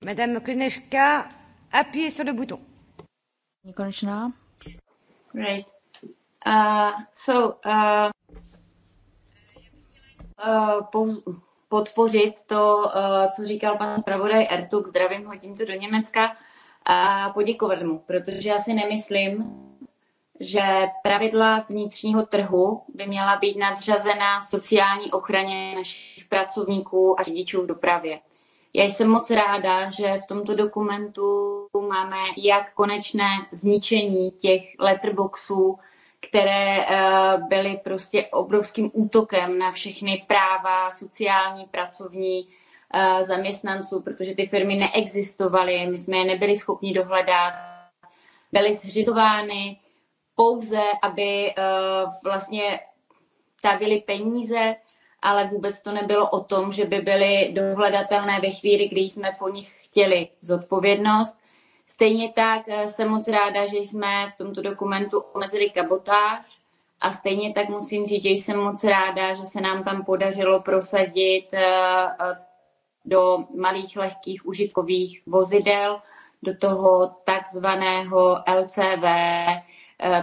Madame Konečka, appuyez sur le bouton. Konečná. Great. Uh, so, uh, uh, podpořit to, uh, co říkal pan zpravodaj Ertuk, zdravím ho tímto do Německa a poděkovat mu, protože já si nemyslím, že pravidla vnitřního trhu by měla být nadřazena sociální ochraně našich pracovníků a řidičů v dopravě. Já jsem moc ráda, že v tomto dokumentu máme jak konečné zničení těch letterboxů, které eh, byly prostě obrovským útokem na všechny práva sociální, pracovní eh, zaměstnanců, protože ty firmy neexistovaly, my jsme je nebyli schopni dohledat, byly zřizovány pouze, aby eh, vlastně tavili peníze ale vůbec to nebylo o tom, že by byly dohledatelné ve chvíli, kdy jsme po nich chtěli zodpovědnost. Stejně tak eh, jsem moc ráda, že jsme v tomto dokumentu omezili kabotáž a stejně tak musím říct, že jsem moc ráda, že se nám tam podařilo prosadit eh, eh, do malých, lehkých, užitkových vozidel, do toho takzvaného LCV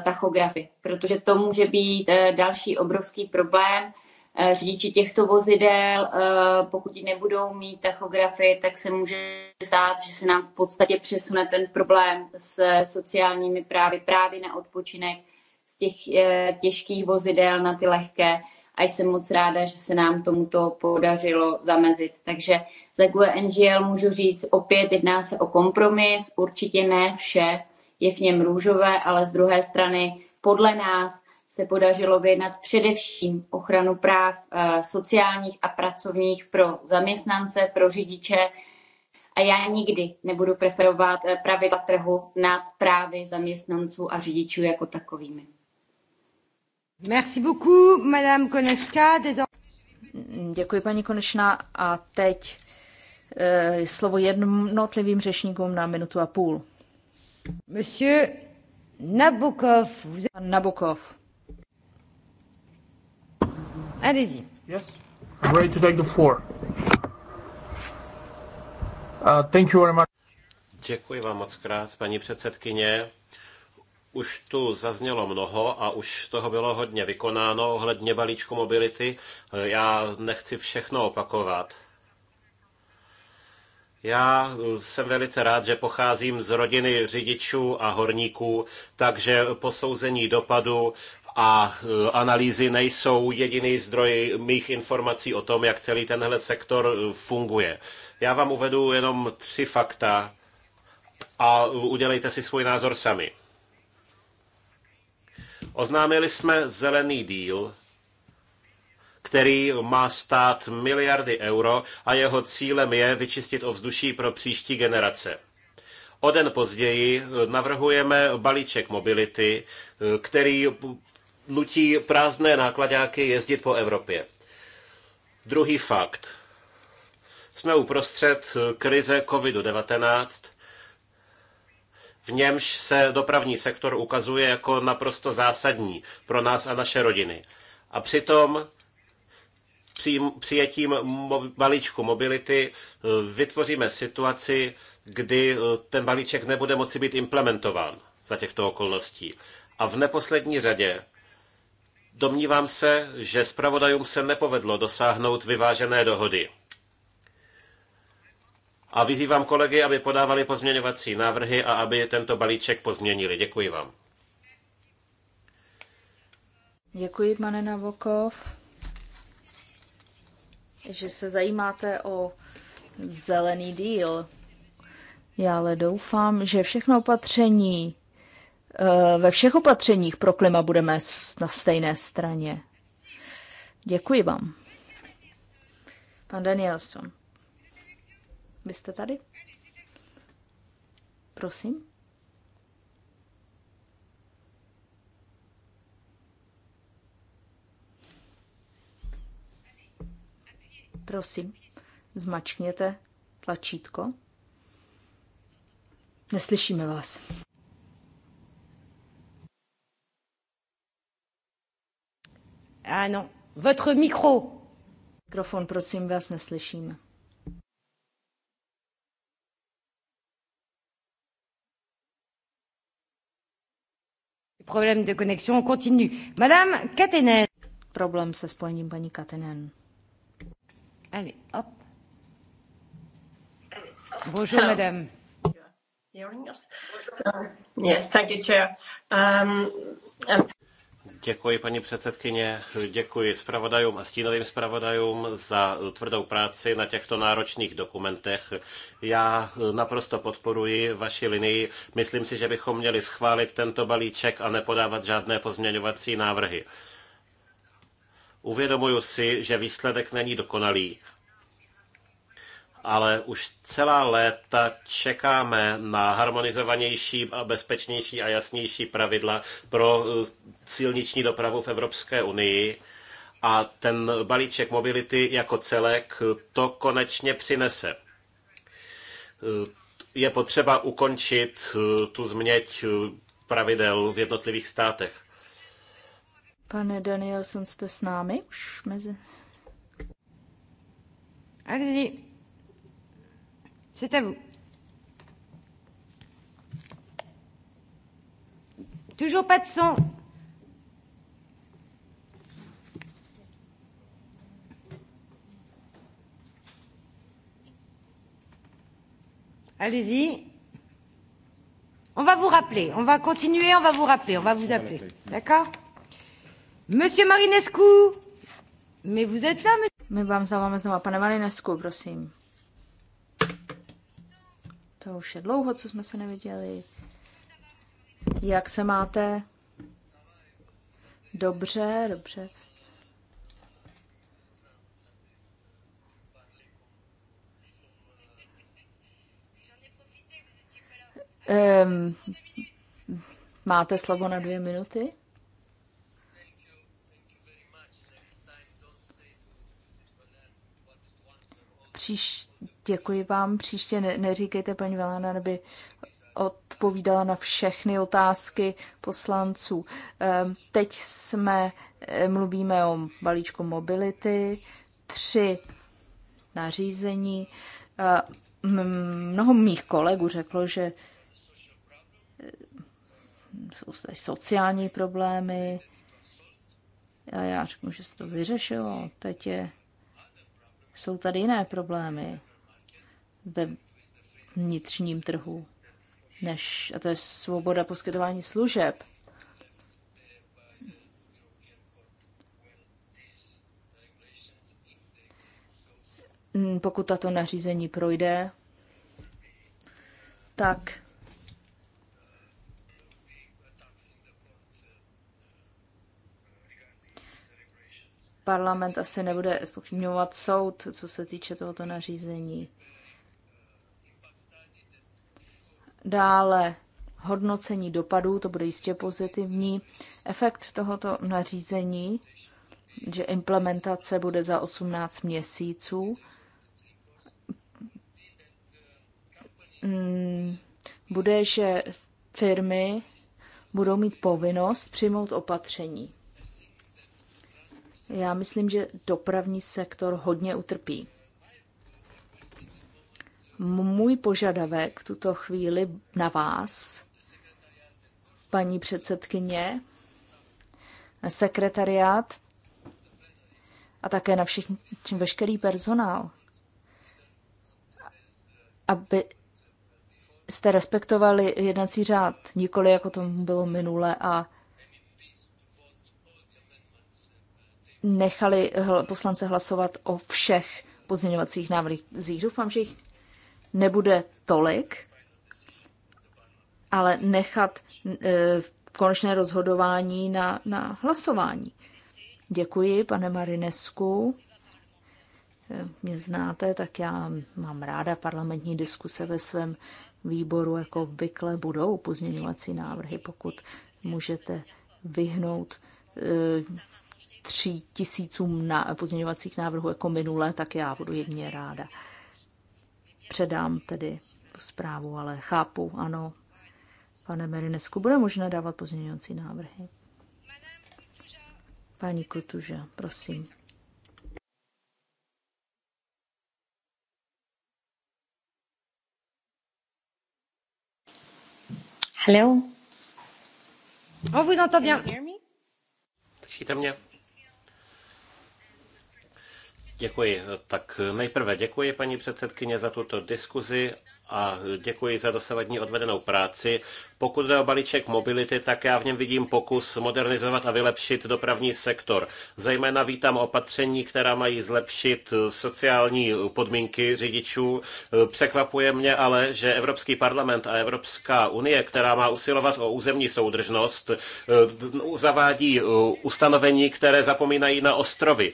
tachografy, protože to může být další obrovský problém, Eh, řidiči těchto vozidel, eh, pokud nebudou mít tachografy, tak se může stát, že se nám v podstatě přesune ten problém s sociálními právy právě na odpočinek z těch eh, těžkých vozidel na ty lehké. A jsem moc ráda, že se nám tomuto podařilo zamezit. Takže za GUE NGL můžu říct, opět jedná se o kompromis, určitě ne vše je v něm růžové, ale z druhé strany podle nás se podařilo vyjednat především ochranu práv eh, sociálních a pracovních pro zaměstnance, pro řidiče. A já nikdy nebudu preferovat eh, pravidla trhu nad právy zaměstnanců a řidičů jako takovými. Merci beaucoup, Madame Konečka. Děkuji, paní Konečná. A teď e, slovo jednotlivým řečníkům na minutu a půl. Monsieur Nabokov. Vous... Pan Nabokov. Allez-y. Yes, I'm ready to take the floor. Uh, thank you very much. Děkuji vám moc krát, paní předsedkyně. Už tu zaznělo mnoho a už toho bylo hodně vykonáno ohledně balíčku mobility. Já nechci všechno opakovat. Já jsem velice rád, že pocházím z rodiny řidičů a horníků, takže posouzení dopadu a e, analýzy nejsou jediný zdroj mých informací o tom, jak celý tenhle sektor e, funguje. Já vám uvedu jenom tři fakta a udělejte si svůj názor sami. Oznámili jsme zelený díl, který má stát miliardy euro a jeho cílem je vyčistit ovzduší pro příští generace. O den později e, navrhujeme balíček mobility, který nutí prázdné nákladáky jezdit po Evropě. Druhý fakt. Jsme uprostřed krize COVID-19, v němž se dopravní sektor ukazuje jako naprosto zásadní pro nás a naše rodiny. A přitom přijetím balíčku mobility eh, vytvoříme situaci, kdy eh, ten balíček nebude moci být implementován za těchto okolností. A v neposlední řadě Domnívám se, že zpravodajům se nepovedlo dosáhnout vyvážené dohody. A vyzývám kolegy, aby podávali pozměňovací návrhy a aby tento balíček pozměnili. Děkuji vám. Děkuji, pane Navokov, že se zajímáte o zelený díl. Já ale doufám, že všechno opatření, Eh, ve všech opatřeních pro klima budeme na stejné straně. Děkuji vám. Pan Danielson. Vy jste tady? Prosím. Prosím, zmačkněte tlačítko. Neslyšíme vás. Ano, ah, votre micro. Mikrofon, prosím, vás neslyšíme. Problém de connexion, continue. Madame Katenen. Problém se spojením paní Katenen. Allez, hop. Bonjour, Hello. madame. Hearing us? Bonjour. yes, thank you, Chair. Um, and Děkuji, paní předsedkyně, děkuji zpravodajům a stínovým zpravodajům za tvrdou práci na těchto náročných dokumentech. Já naprosto podporuji vaši linii. Myslím si, že bychom měli schválit tento balíček a nepodávat žádné pozměňovací návrhy. Uvědomuji si, že výsledek není dokonalý ale už celá léta čekáme na harmonizovanější a bezpečnější a jasnější pravidla pro eh, silniční dopravu v Evropské unii. A ten balíček mobility jako celek eh, to konečně přinese. Eh, je potřeba ukončit tu změť pravidel v jednotlivých státech. Pane Danielson, jste s námi už mezi... C'est à vous. Toujours pas de son. Allez-y. On va vous rappeler. On va continuer. On va vous rappeler. On va vous appeler. D'accord Monsieur Marinescu. Mais vous êtes là, monsieur. My vám zavoláme znova. Pane Marinescu, prosím to už je dlouho, co jsme se neviděli. Jak se máte? Dobře, dobře. Um, máte slovo na dvě minuty? Příš, Děkuji vám. Příště ne- neříkejte, paní Velana, aby odpovídala na všechny otázky poslanců. Ehm, teď jsme, eh, mluvíme o balíčku mobility, tři nařízení. Eh, mnoho mých kolegů řeklo, že eh, jsou sociální problémy. A já řeknu, že se to vyřešilo. Teď je, jsou tady jiné problémy ve vnitřním trhu, než, a to je svoboda poskytování služeb. Mm, pokud tato nařízení projde, tak parlament asi nebude spochybňovat soud, co se týče tohoto nařízení. Dále hodnocení dopadů, to bude jistě pozitivní. Efekt tohoto nařízení, že implementace bude za 18 měsíců. Hmm, bude, že firmy budou mít povinnost přijmout opatření. Já myslím, že dopravní sektor hodně utrpí můj požadavek v tuto chvíli na vás, paní předsedkyně, sekretariát a také na všech, veškerý personál, aby jste respektovali jednací řád, nikoli jako to bylo minule a nechali poslance hlasovat o všech pozměňovacích návrzích. Doufám, že jich nebude tolik, ale nechat e, konečné rozhodování na, na hlasování. Děkuji, pane Marinesku. E, mě znáte, tak já mám ráda parlamentní diskuse ve svém výboru, jako obvykle budou pozměňovací návrhy, pokud můžete vyhnout e, tři tisícům na pozměňovacích návrhů jako minule, tak já budu jedně ráda předám tedy tu zprávu, ale chápu, ano. Pane Merinesku, bude možné dávat pozměňovací návrhy. Paní Kutuže, prosím. Hello. Oh, vous entendez bien. Slyšíte mě? Děkuji. Tak nejprve děkuji paní předsedkyně za tuto diskuzi a děkuji za dosavadní odvedenou práci. Pokud jde o balíček mobility, tak já v něm vidím pokus modernizovat a vylepšit dopravní sektor. Zejména vítám opatření, která mají zlepšit sociální podmínky řidičů. Překvapuje mě ale, že Evropský parlament a Evropská unie, která má usilovat o územní soudržnost, zavádí ustanovení, které zapomínají na ostrovy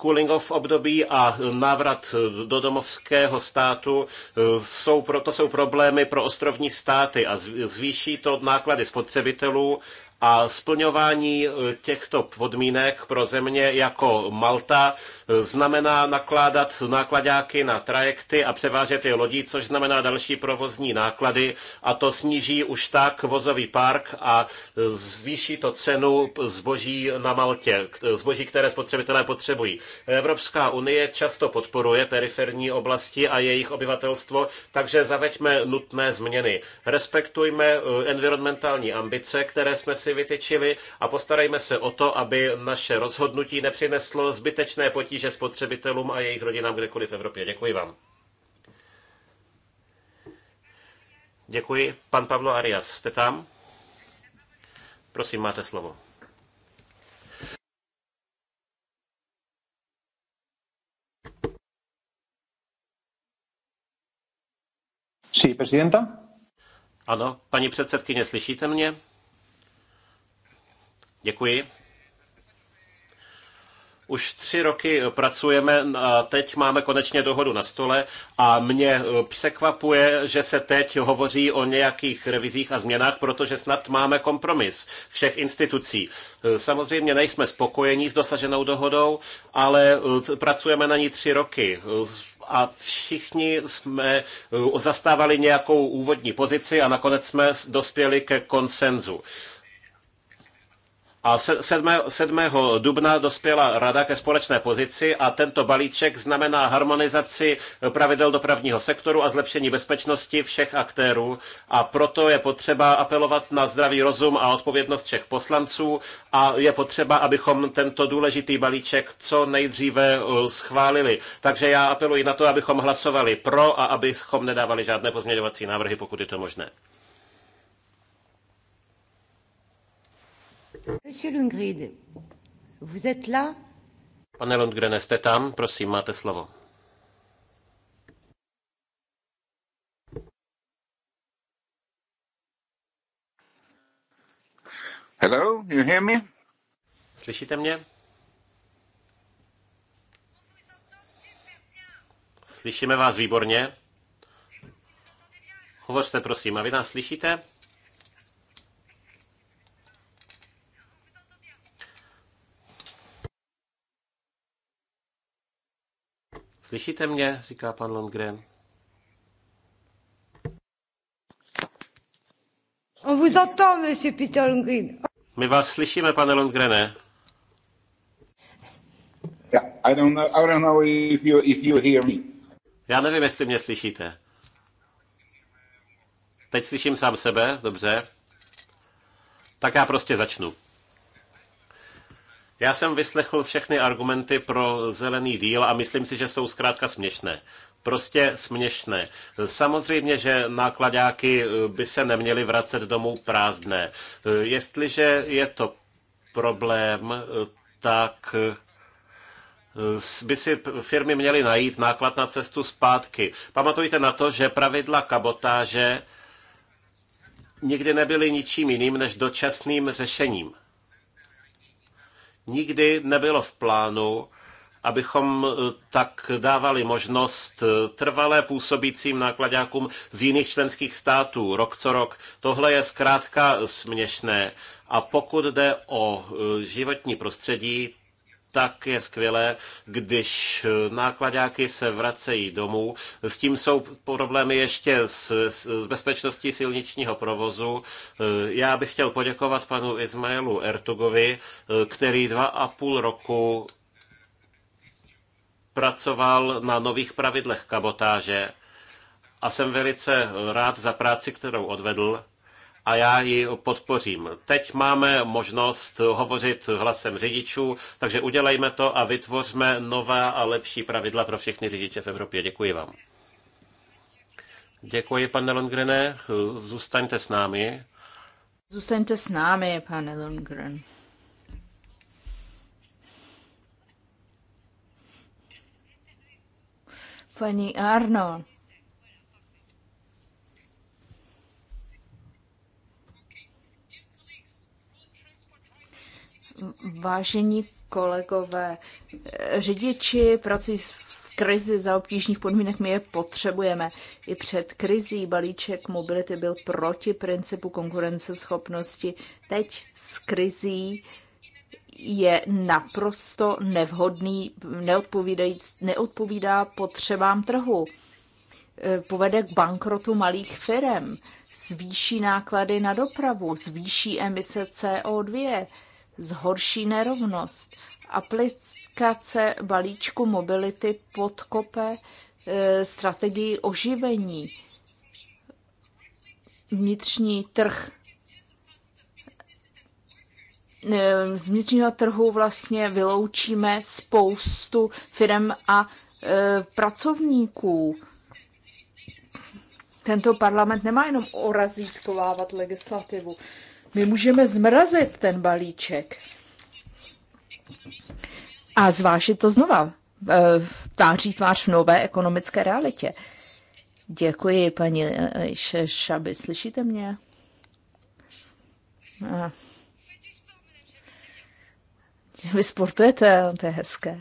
cooling off období a návrat do domovského státu e, jsou, to jsou problémy pro ostrovní státy a zvýší to náklady spotřebitelů a splňování e, těchto podmínek pro země jako Malta e, znamená nakládat nákladáky na trajekty a převážet je lodí, což znamená další provozní náklady a to sníží už tak vozový park a e, zvýší to cenu zboží na Maltě, zboží, které spotřebitelé potřebují. Evropská unie často podporuje periferní oblasti a jejich obyvatelstvo, takže zaveďme nutné změny. Respektujme environmentální ambice, které jsme si agresivity vytyčili a postarejme se o to, aby naše rozhodnutí nepřineslo zbytečné potíže spotřebitelům a jejich rodinám kdekoliv v Evropě. Děkuji vám. Děkuji. Pan Pablo Arias, jste tam? Prosím, máte slovo. Sí, prezidenta? Ano, paní předsedkyně, slyšíte mě? Děkuji. Už tři roky eh, pracujeme a teď máme konečně dohodu na stole a mě eh, překvapuje, že se teď hovoří o nějakých revizích a změnách, protože snad máme kompromis všech institucí. Eh, samozřejmě nejsme spokojení s dosaženou dohodou, ale pracujeme na ní tři roky a všichni jsme zastávali nějakou úvodní pozici a nakonec jsme dospěli ke konsenzu. A 7. 7. dubna dospěla rada ke společné pozici a tento balíček znamená harmonizaci pravidel dopravního sektoru a zlepšení bezpečnosti všech aktérů. A proto je potřeba apelovat na zdravý rozum a odpovědnost všech poslanců a je potřeba, abychom tento důležitý balíček co nejdříve eh, schválili. Takže já apeluji na to, abychom hlasovali pro a abychom nedávali žádné pozměňovací návrhy, pokud je to možné. Monsieur Lundgren, vous êtes là? Pane Lundgren, jste tam? Prosím, máte slovo. Hello, you hear me? Slyšíte mě? Slyšíme vás výborně. Hovořte prosím, a vy nás slyšíte? Slyšíte mě? Říká pan Lundgren. On vous entend, monsieur Peter Lundgren. My vás slyšíme, pane Lundgrene. Yeah, I don't know, I don't know if you, if you hear me. Já nevím, jestli mě slyšíte. Teď slyším sám sebe, dobře. Tak já prostě začnu. Já jsem vyslechl všechny argumenty pro zelený díl a myslím si, že jsou zkrátka směšné prostě směšné. Samozřejmě, že nákladáky eh, by se neměly vracet domů prázdné. Eh, jestliže je to problém, eh, tak by si firmy měly najít náklad na cestu zpátky. Pamatujte na to, že pravidla kabotáže nikdy nebyly ničím jiným než dočasným řešením. Nikdy nebylo v plánu, abychom eh, tak dávali možnost eh, trvalé působícím nákladňákům z jiných členských států rok co rok. Tohle je zkrátka směšné. A pokud jde o eh, životní prostředí, tak je skvělé, když eh, nákladáky se vracejí domů. S tím jsou problémy ještě s, s bezpečností silničního provozu. Eh, já bych chtěl poděkovat panu Ismailu Ertugovi, eh, který dva a půl roku pracoval na nových pravidlech kabotáže a jsem velice rád za práci, kterou odvedl a já ji podpořím. Teď máme možnost hovořit hlasem řidičů, takže udělejme to a vytvořme nová a lepší pravidla pro všechny řidiče v Evropě. Děkuji vám. Děkuji, pane Lundgrene. Zůstaňte s námi. Zůstaňte s námi, pane Lundgren. Paní Arno, Vážení kolegové, řidiči pracují v krizi za obtížných podmínek, my je potřebujeme. I před krizí balíček mobility byl proti principu konkurenceschopnosti. Teď s krizí je naprosto nevhodný, neodpovídá potřebám trhu. Povede k bankrotu malých firm, zvýší náklady na dopravu, zvýší emise CO2, zhorší nerovnost. Aplikace balíčku mobility podkope eh, strategii oživení. Vnitřní trh eh, z vnitřního trhu vlastně vyloučíme spoustu firm a eh, pracovníků. Tento parlament nemá jenom orazítkovávat legislativu. My můžeme zmrazit ten balíček a zvážit to znova v eh, tváří tvář v nové ekonomické realitě. Děkuji, paní eh, Šaby. Slyšíte mě? A. Eh. Vy sportujete, to je hezké.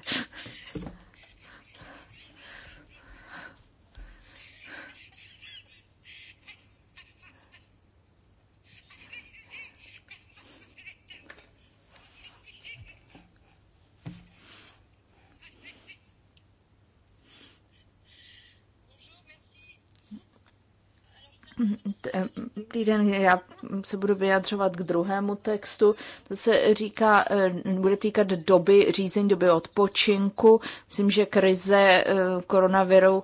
Týden já se budu vyjadřovat k druhému textu. To se říká, eh, bude týkat doby řízení, doby odpočinku. Myslím, že krize eh, koronaviru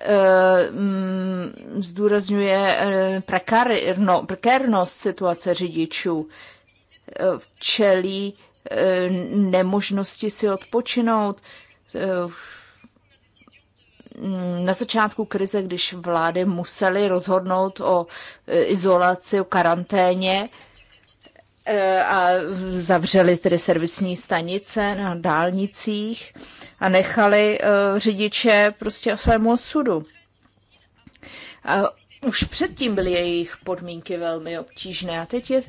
eh, mm, zdůrazňuje prekárno, prekérnost situace řidičů. Čelí nemožnosti si odpočinout Mm, na začátku krize, když vlády musely rozhodnout o e, izolaci, o karanténě e, a zavřeli tedy servisní stanice na dálnicích a nechali e, řidiče prostě o svému osudu. A už předtím byly jejich podmínky velmi obtížné a teď je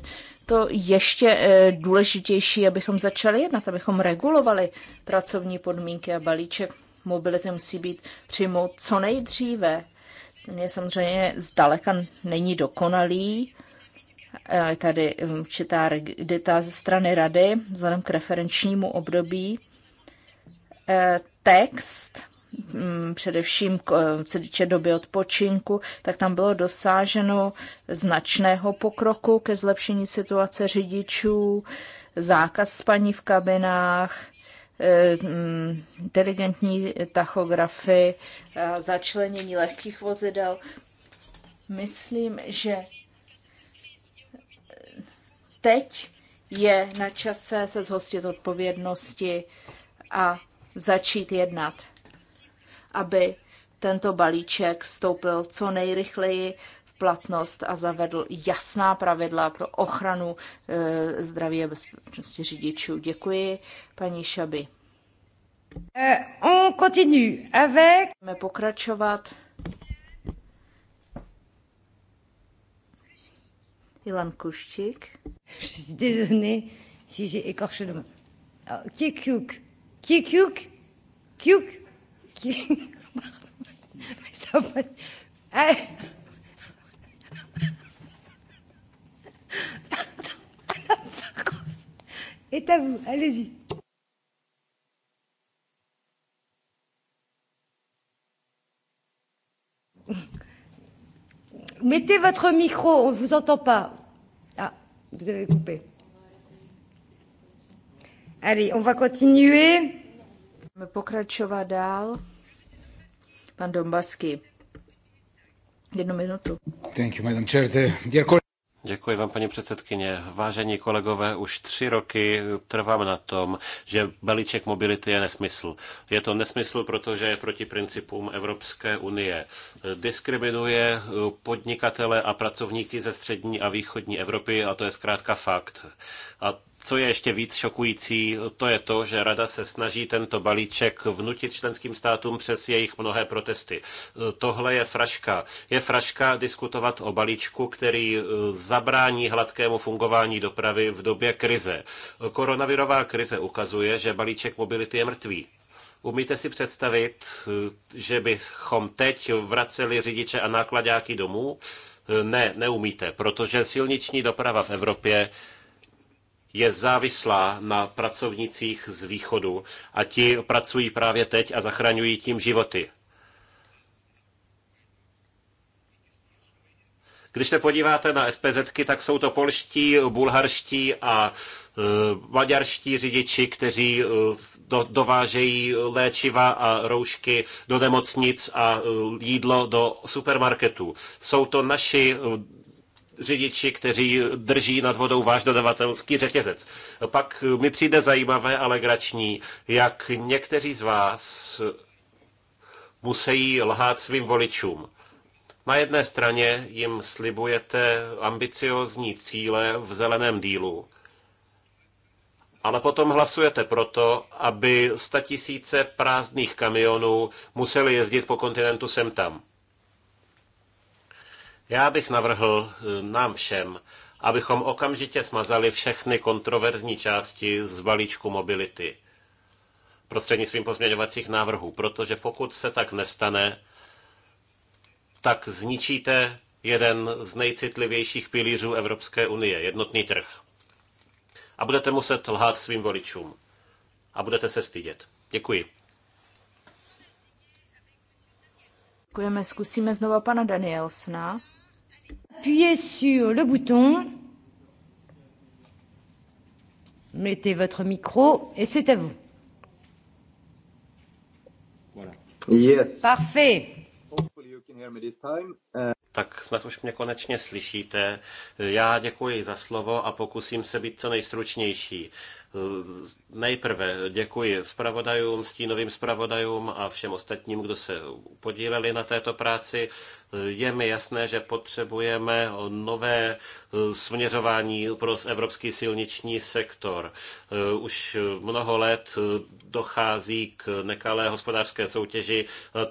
to ještě důležitější, abychom začali jednat, abychom regulovali pracovní podmínky a balíček mobility musí být přijmout co nejdříve. Ten je samozřejmě zdaleka není dokonalý. Eh, tady hm, určitá rigidita ze strany rady vzhledem k referenčnímu období. Eh, text, hm, především eh, co týče doby odpočinku, tak tam bylo dosáženo značného pokroku ke zlepšení situace řidičů, zákaz spaní v kabinách, inteligentní tachografy, začlenění lehkých vozidel. Myslím, že teď je na čase se zhostit odpovědnosti a začít jednat, aby tento balíček vstoupil co nejrychleji platnost a zavedl jasná pravidla pro ochranu e, zdraví a bezpečnosti řidičů. Děkuji, paní Šaby. Uh, on continue avec... Můžeme pokračovat. Ilan Kuščík. Je si j'ai écorché le mot. Kiekuk. Kiekuk. Kiuk. Ça va... Eh, est à vous. Allez-y. Mettez votre micro, on ne vous entend pas. Ah, vous avez coupé. Allez, on va continuer. Pokračovat dál. Pan Dombasky. Jednu minutu. Thank you, Madam Chair. Děkuji vám, paní předsedkyně. Vážení kolegové, už tři roky trvám na tom, že balíček mobility je nesmysl. Je to nesmysl, protože je proti principům Evropské unie. Diskriminuje podnikatele a pracovníky ze střední a východní Evropy a to je zkrátka fakt. A co je ještě víc šokující, to je to, že Rada se snaží tento balíček vnutit členským státům přes jejich mnohé protesty. Tohle je fraška. Je fraška diskutovat o balíčku, který eh, zabrání hladkému fungování dopravy v době krize. Koronavirová krize ukazuje, že balíček mobility je mrtvý. Umíte si představit, eh, že bychom teď vraceli řidiče a nákladáky domů? Eh, ne, neumíte, protože silniční doprava v Evropě je závislá na pracovnicích z východu a ti pracují právě teď a zachraňují tím životy. Když se podíváte na SPZky, tak jsou to polští, bulharští a e, maďarští řidiči, kteří e, do, dovážejí léčiva a roušky do nemocnic a e, jídlo do supermarketů. Jsou to naši řidiči, kteří drží nad vodou váš dodavatelský řetězec. Pak mi přijde zajímavé a legrační, jak někteří z vás musí lhát svým voličům. Na jedné straně jim slibujete ambiciozní cíle v zeleném dílu, ale potom hlasujete proto, aby statisíce prázdných kamionů museli jezdit po kontinentu sem tam. Já bych navrhl eh, nám všem, abychom okamžitě smazali všechny kontroverzní části z balíčku mobility prostřednictvím pozměňovacích návrhů, protože pokud se tak nestane, tak zničíte jeden z nejcitlivějších pilířů Evropské unie, jednotný trh. A budete muset lhát svým voličům. A budete se stydět. Děkuji. Děkujeme. Zkusíme znovu pana Danielsna appuyez sur le bouton. Mettez votre micro et c'est à vous. Voilà. Yes. Parfait. Uh, tak snad už mě konečně slyšíte. Já děkuji za slovo a pokusím se být co nejstručnější. Nejprve děkuji zpravodajům, stínovým zpravodajům a všem ostatním, kdo se podíleli na této práci. Je mi jasné, že potřebujeme nové eh, směřování pro evropský silniční sektor. Eh, už mnoho let eh, dochází k nekalé hospodářské soutěži,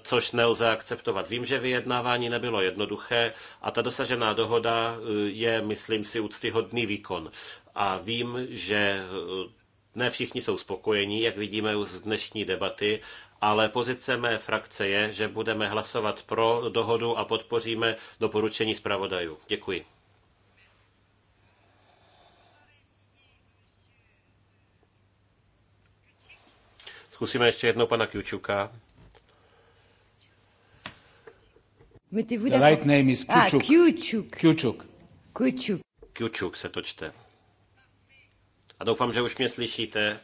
což nelze akceptovat. Vím, že vyjednávání nebylo jednoduché a ta dosažená dohoda je, myslím si, úctyhodný výkon a vím, že eh, ne všichni jsou spokojení, jak vidíme z dnešní debaty, ale pozice mé frakce je, že budeme hlasovat pro dohodu a podpoříme doporučení zpravodajů. Děkuji. Zkusíme ještě jednou pana Kjučuka. The right name is ah, Kjučuk. Ah, Kjučuk. Kjučuk. Kjučuk. Kjučuk se to čte. A doufám, že už mě slyšíte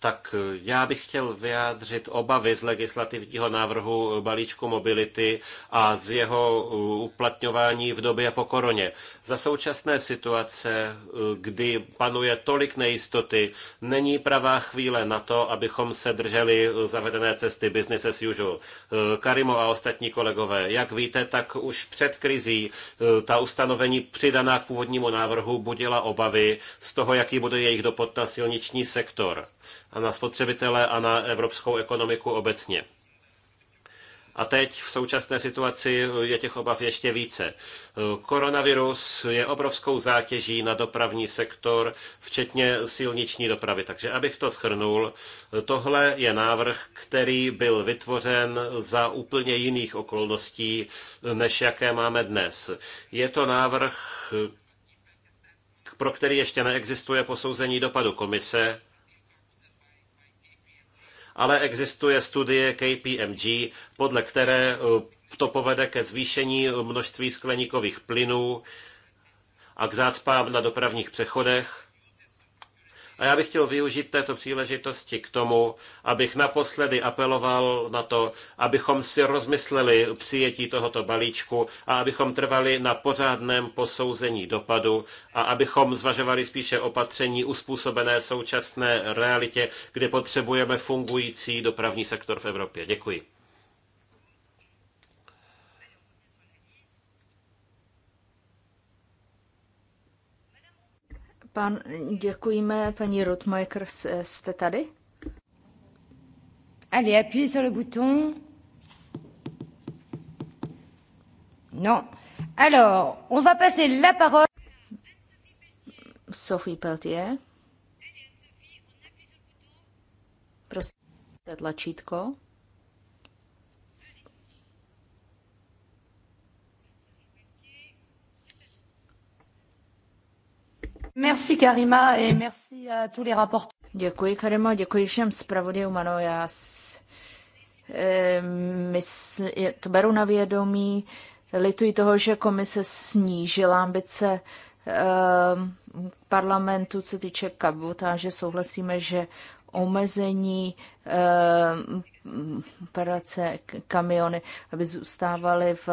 tak eh, já bych chtěl vyjádřit obavy z legislativního návrhu eh, balíčku mobility a z jeho eh, uplatňování v době po koroně. Za současné situace, kdy panuje tolik nejistoty, není pravá chvíle na to, abychom se drželi zavedené cesty business as usual. Karimo a ostatní kolegové, jak víte, tak už před krizí ta ustanovení přidaná k původnímu návrhu budila obavy z toho, jaký bude jejich dopad na silniční sektor a na spotřebitele a na evropskou ekonomiku obecně. A teď v současné situaci je těch obav ještě více. Koronavirus je obrovskou zátěží na dopravní sektor, včetně silniční dopravy. Takže abych to schrnul, tohle je návrh, který byl vytvořen za úplně jiných okolností, než jaké máme dnes. Je to návrh, pro který ještě neexistuje posouzení dopadu komise, ale existuje studie KPMG, podle které eh, to povede ke zvýšení množství skleníkových plynů a k zácpám na dopravních přechodech a já bych chtěl využít této příležitosti k tomu, abych naposledy apeloval na to, abychom si rozmysleli přijetí tohoto balíčku a abychom trvali na pořádném posouzení dopadu a abychom zvažovali spíše opatření uspůsobené současné realitě, kde potřebujeme fungující dopravní sektor v Evropě. Děkuji. Pan, děkujeme, paní Rotmaker, jste tady? Allez, appuyez sur le bouton. Non. Alors, on va passer la parole. Sophie Peltier. Prosím, tlačítko. Merci Karima et merci à tous les rapporteurs. Děkuji Karima, děkuji všem zpravodajům, ano, já s, e, mysl, to beru na vědomí, lituji toho, že komise snížila ambice e, parlamentu, co týče že souhlasíme, že omezení e, operace kamiony, aby zůstávaly v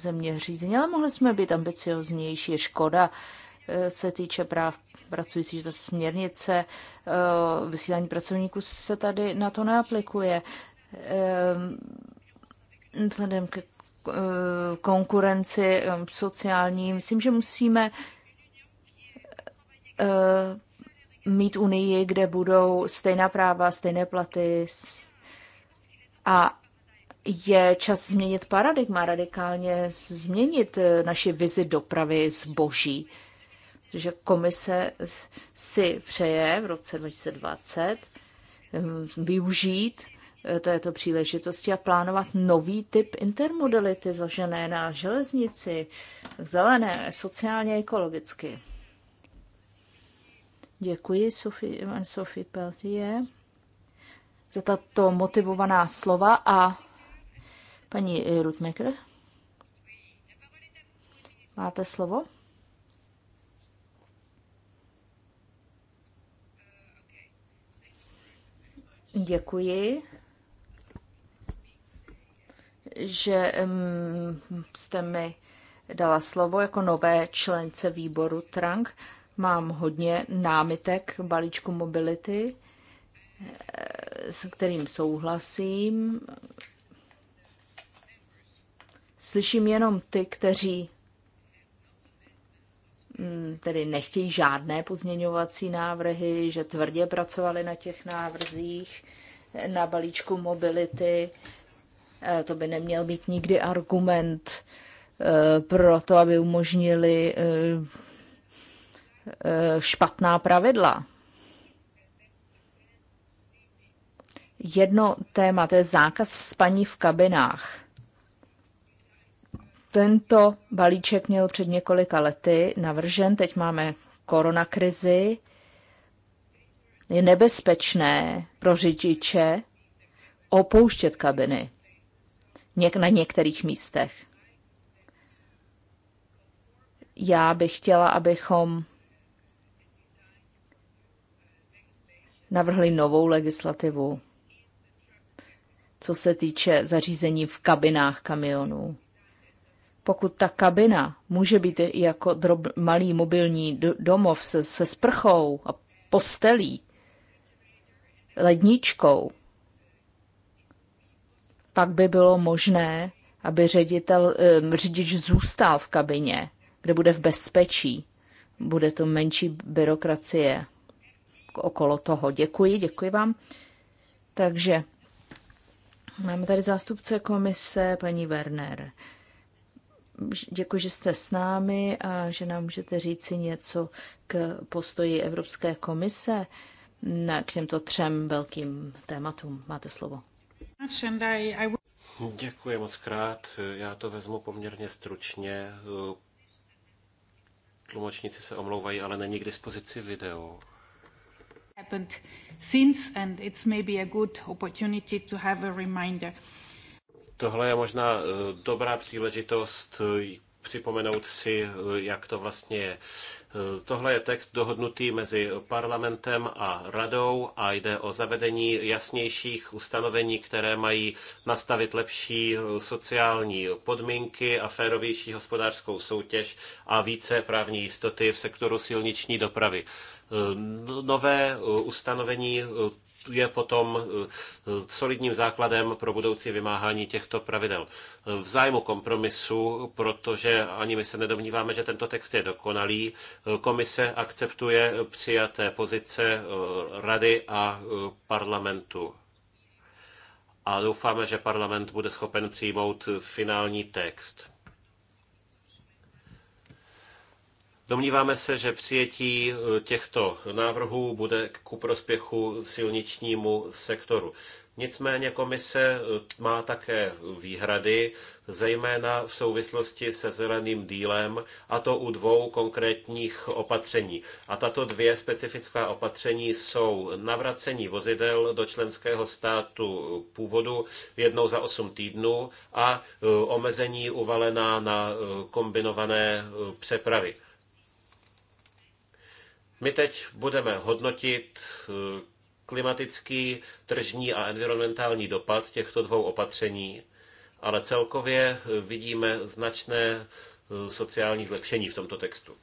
země řízení, ale mohli jsme být ambicioznější, škoda, se týče práv pracujících, ta směrnice eh, vysílání pracovníků se tady na to neaplikuje. Eh, vzhledem k eh, konkurenci sociální, myslím, že musíme mít unii, kde budou stejná práva, stejné platy a je čas změnit paradigma, radikálně změnit naši vizi dopravy zboží. boží že komise si přeje v roce 2020 ehm, využít eh, této příležitosti a plánovat nový typ intermodality založené na železnici, zelené, sociálně ekologicky. Děkuji Sophie, Sophie Peltier za tato motivovaná slova a paní Rutmaker. Máte slovo? Děkuji, že jste mi dala slovo jako nové člence výboru Trank. Mám hodně námitek balíčku mobility, eh, s kterým souhlasím. Slyším jenom ty, kteří Mm, tedy nechtějí žádné pozměňovací návrhy, že tvrdě pracovali na těch návrzích, na balíčku mobility. E, to by neměl být nikdy argument e, pro to, aby umožnili e, špatná pravidla. Jedno téma, to je zákaz spaní v kabinách tento balíček měl před několika lety navržen, teď máme koronakrizi, je nebezpečné pro řidiče opouštět kabiny něk- na některých místech. Já bych chtěla, abychom navrhli novou legislativu, co se týče zařízení v kabinách kamionů pokud ta kabina může být i jako drob, malý mobilní domov se, se sprchou a postelí, ledničkou, pak by bylo možné, aby ředitel, eh, řidič zůstal v kabině, kde bude v bezpečí. Bude to menší byrokracie okolo toho. Děkuji, děkuji vám. Takže máme tady zástupce komise, paní Werner. Děkuji, že jste s námi a že nám můžete říci něco k postoji Evropské komise k těmto třem velkým tématům. Máte slovo. Děkuji moc krát. Já to vezmu poměrně stručně. Tlumočníci se omlouvají, ale není k dispozici video. Happened since and it's maybe a good opportunity to have a reminder. Tohle je možná eh, dobrá příležitost eh, připomenout si, eh, jak to vlastně je. Tohle je text dohodnutý mezi parlamentem a radou a jde o zavedení jasnějších ustanovení, které mají nastavit lepší sociální podmínky a férovější hospodářskou soutěž a více právní jistoty v sektoru silniční dopravy. Nové ustanovení je potom eh, solidním základem pro budoucí vymáhání těchto pravidel. Eh, v zájmu kompromisu, protože ani my se nedomníváme, že tento text je dokonalý, eh, komise akceptuje přijaté pozice rady a parlamentu. A doufáme, že parlament bude schopen přijmout finální text. Domníváme se, že přijetí e, těchto návrhů bude ku prospěchu silničnímu sektoru. Nicméně komise e, má také výhrady, zejména v souvislosti se zeleným dílem, a to u dvou konkrétních opatření. A tato dvě specifická opatření jsou navracení vozidel do členského státu původu jednou za 8 týdnů a e, omezení uvalená na kombinované přepravy. My teď budeme hodnotit eh, klimatický, tržní a environmentální dopad těchto dvou opatření, ale celkově eh, vidíme značné eh, sociální zlepšení v tomto textu.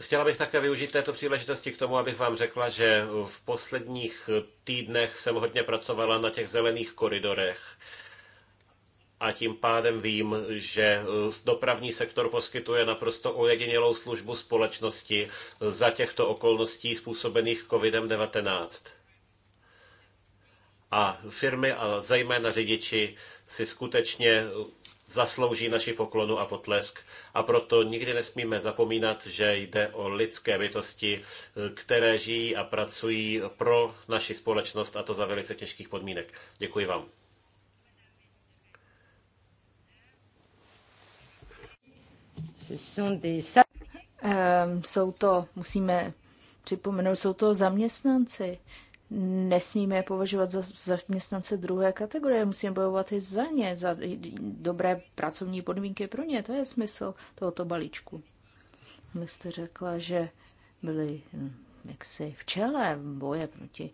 Chtěla bych také využít této příležitosti k tomu, abych vám řekla, že v posledních týdnech jsem hodně pracovala na těch zelených koridorech a tím pádem vím, že eh, dopravní sektor poskytuje naprosto ojedinělou službu společnosti za těchto okolností způsobených COVID-19. A firmy a zejména řidiči si skutečně eh, zaslouží naši poklonu a potlesk. A proto nikdy nesmíme zapomínat, že jde o lidské bytosti, eh, které žijí a pracují pro naši společnost a to za velice těžkých podmínek. Děkuji vám. Ehm, jsou to, musíme připomenout, jsou to zaměstnanci. Nesmíme je považovat za zaměstnance druhé kategorie, musíme bojovat i za ně, za dobré pracovní podmínky pro ně. To je smysl tohoto balíčku. Vy jste řekla, že byli hm, jaksi v čele boje proti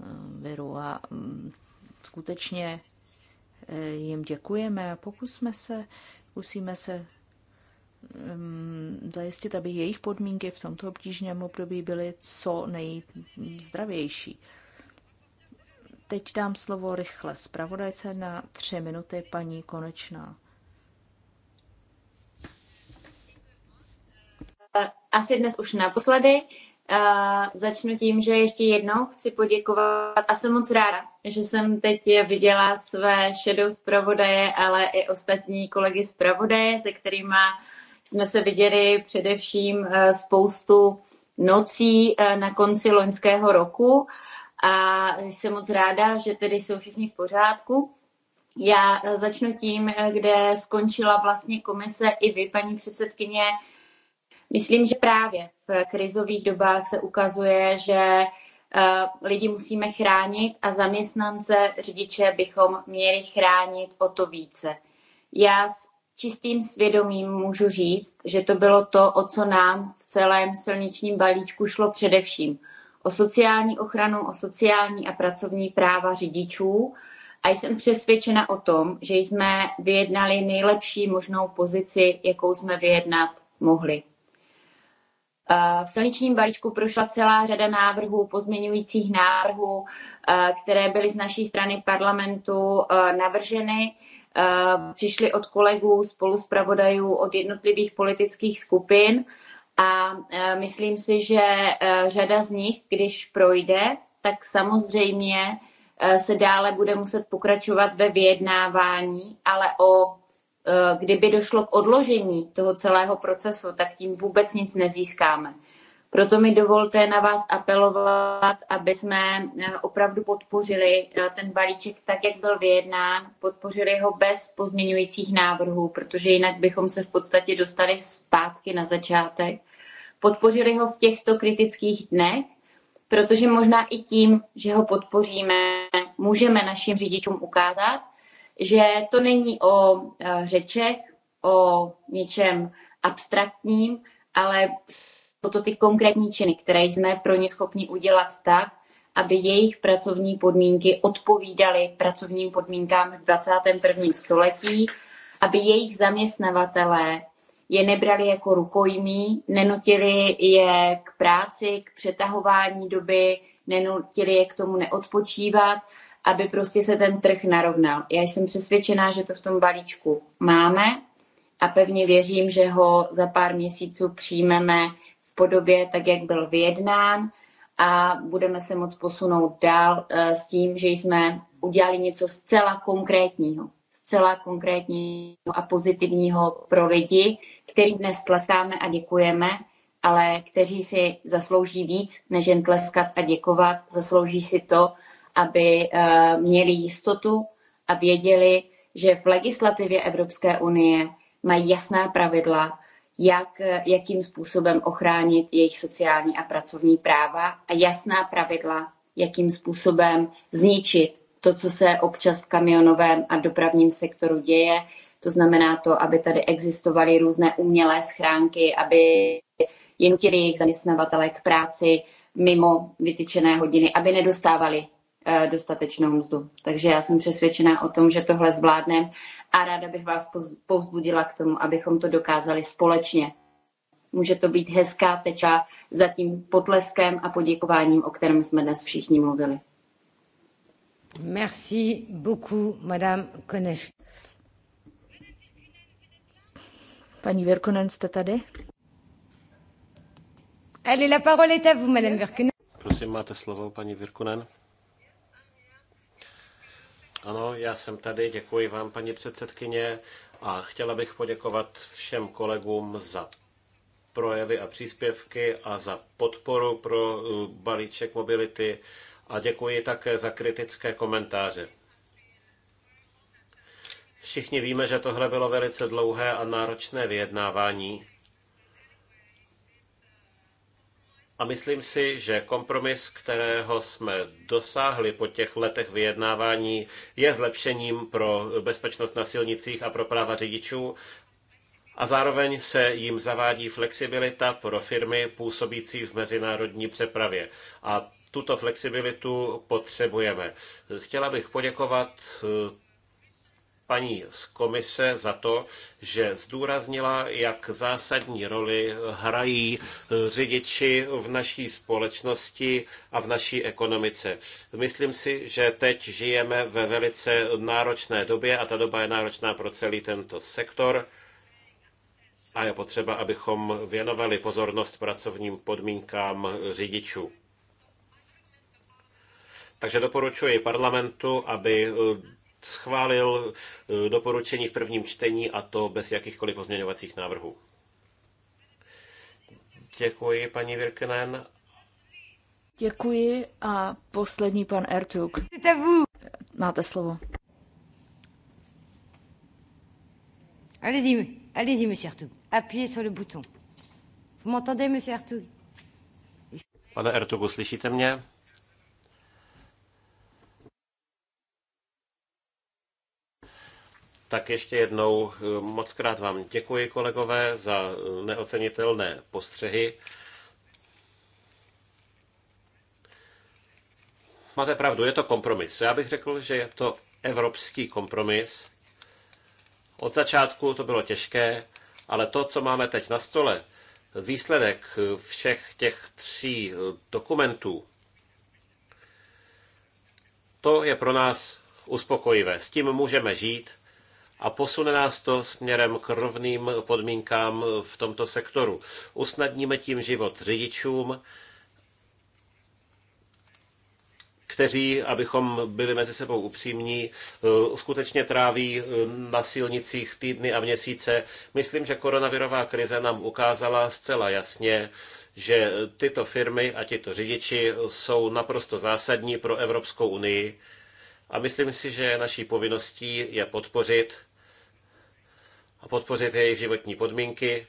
hm, viru a hm, skutečně eh, jim děkujeme a pokusme se, musíme se zajistit, aby jejich podmínky v tomto obtížném období byly co nejzdravější. Teď dám slovo rychle zpravodajce na tři minuty paní Konečná. Eh, asi dnes už naposledy. Eh, začnu tím, že ještě jednou chci poděkovat a jsem moc ráda, že jsem teď viděla své šedou zpravodaje, ale i ostatní kolegy zpravodaje, se kterými jsme se viděli především eh, spoustu nocí eh, na konci loňského roku a jsem moc ráda, že tedy jsou všichni v pořádku. Já eh, začnu tím, kde skončila vlastně komise i vy, paní předsedkyně. Myslím, že právě v krizových dobách se ukazuje, že lidi musíme chránit a zaměstnance, řidiče bychom měli chránit o to více. Já čistým svědomím můžu říct, že to bylo to, o co nám v celém silničním balíčku šlo především. O sociální ochranu, o sociální a pracovní práva řidičů. A jsem přesvědčena o tom, že jsme vyjednali nejlepší možnou pozici, jakou jsme vyjednat mohli. Eh, v silničním balíčku prošla celá řada návrhů, pozměňujících návrhů, eh, které byly z naší strany parlamentu eh, navrženy Eh, přišly od kolegů, spoluzpravodajů, od jednotlivých politických skupin a eh, myslím si, že eh, řada z nich, když projde, tak samozřejmě se dále bude muset pokračovat ve vyjednávání, ale o kdyby došlo k odložení toho celého procesu, tak tím vůbec nic nezískáme. Proto mi dovolte na vás apelovat, aby jsme eh, opravdu podpořili eh, ten balíček tak, jak byl vyjednán, podpořili ho bez pozměňujících návrhů, protože jinak bychom se v podstatě dostali zpátky na začátek. Podpořili ho v těchto kritických dnech, protože možná i tím, že ho podpoříme, můžeme našim řidičům ukázat, že to není o eh, řečech, o něčem abstraktním, ale jsou to ty konkrétní činy, které jsme pro ně schopni udělat tak, aby jejich pracovní podmínky odpovídaly pracovním podmínkám v 21. století, aby jejich zaměstnavatelé je nebrali jako rukojmí, nenutili je k práci, k přetahování doby, nenutili je k tomu neodpočívat, aby prostě se ten trh narovnal. Já jsem přesvědčená, že to v tom balíčku máme a pevně věřím, že ho za pár měsíců přijmeme podobě, tak jak byl vyjednán a budeme se moc posunout dál eh, s tím, že jsme udělali něco zcela konkrétního, zcela konkrétního a pozitivního pro lidi, kterým dnes tleskáme a děkujeme, ale kteří si zaslouží víc, než jen tleskat a děkovat. Zaslouží si to, aby eh, měli jistotu a věděli, že v legislativě Evropské unie mají jasná pravidla, jak, jakým způsobem ochránit jejich sociální a pracovní práva a jasná pravidla, jakým způsobem zničit to, co se občas v kamionovém a dopravním sektoru děje. To znamená to, aby tady existovaly různé umělé schránky, aby je nutili jejich zaměstnavatele k práci mimo vytyčené hodiny, aby nedostávali Eh, dostatečnou mzdu. Takže já jsem přesvědčená o tom, že tohle zvládneme a ráda bych vás povzbudila k tomu, abychom to dokázali společně. Může to být hezká teča za tím potleskem a poděkováním, o kterém jsme dnes všichni mluvili. Merci beaucoup, Madame Koneš. Paní Virkunen, jste tady? Allez, la parole est à vous, Madame yes. Virkunen. Prosím, máte slovo, paní Virkunen. Ano, já jsem tady, děkuji vám, paní předsedkyně, a chtěla bych poděkovat všem kolegům za projevy a příspěvky a za podporu pro uh, balíček mobility a děkuji také za kritické komentáře. Všichni víme, že tohle bylo velice dlouhé a náročné vyjednávání A myslím si, že kompromis, kterého jsme dosáhli po těch letech vyjednávání, je zlepšením pro bezpečnost na silnicích a pro práva řidičů. A zároveň se jim zavádí flexibilita pro firmy působící v mezinárodní přepravě. A tuto flexibilitu potřebujeme. Chtěla bych poděkovat eh, paní z komise za to, že zdůraznila, jak zásadní roli hrají eh, řidiči v naší společnosti a v naší ekonomice. Myslím si, že teď žijeme ve velice náročné době a ta doba je náročná pro celý tento sektor a je potřeba, abychom věnovali pozornost pracovním podmínkám řidičů. Takže doporučuji parlamentu, aby eh, schválil eh, doporučení v prvním čtení a to bez jakýchkoliv pozměňovacích návrhů. Děkuji, paní Virkenen. Děkuji a poslední pan Ertug. Máte slovo. Allez-y, allez-y, monsieur Ertug. Appuyez sur le bouton. Vous m'entendez, monsieur Ertug? Pane Ertugu, slyšíte mě? Tak ještě jednou eh, moc krát vám děkuji, kolegové, za eh, neocenitelné postřehy. Máte pravdu, je to kompromis. Já bych řekl, že je to evropský kompromis. Od začátku to bylo těžké, ale to, co máme teď na stole, výsledek eh, všech těch tří dokumentů, to je pro nás uspokojivé. S tím můžeme žít a posune nás to směrem k rovným podmínkám v tomto sektoru. Usnadníme tím život řidičům, kteří, abychom byli mezi sebou upřímní, eh, skutečně tráví eh, na silnicích týdny a měsíce. Myslím, že koronavirová krize nám ukázala zcela jasně, že tyto firmy a tyto řidiči jsou naprosto zásadní pro Evropskou unii a myslím si, že naší povinností je podpořit a podpořit jejich životní podmínky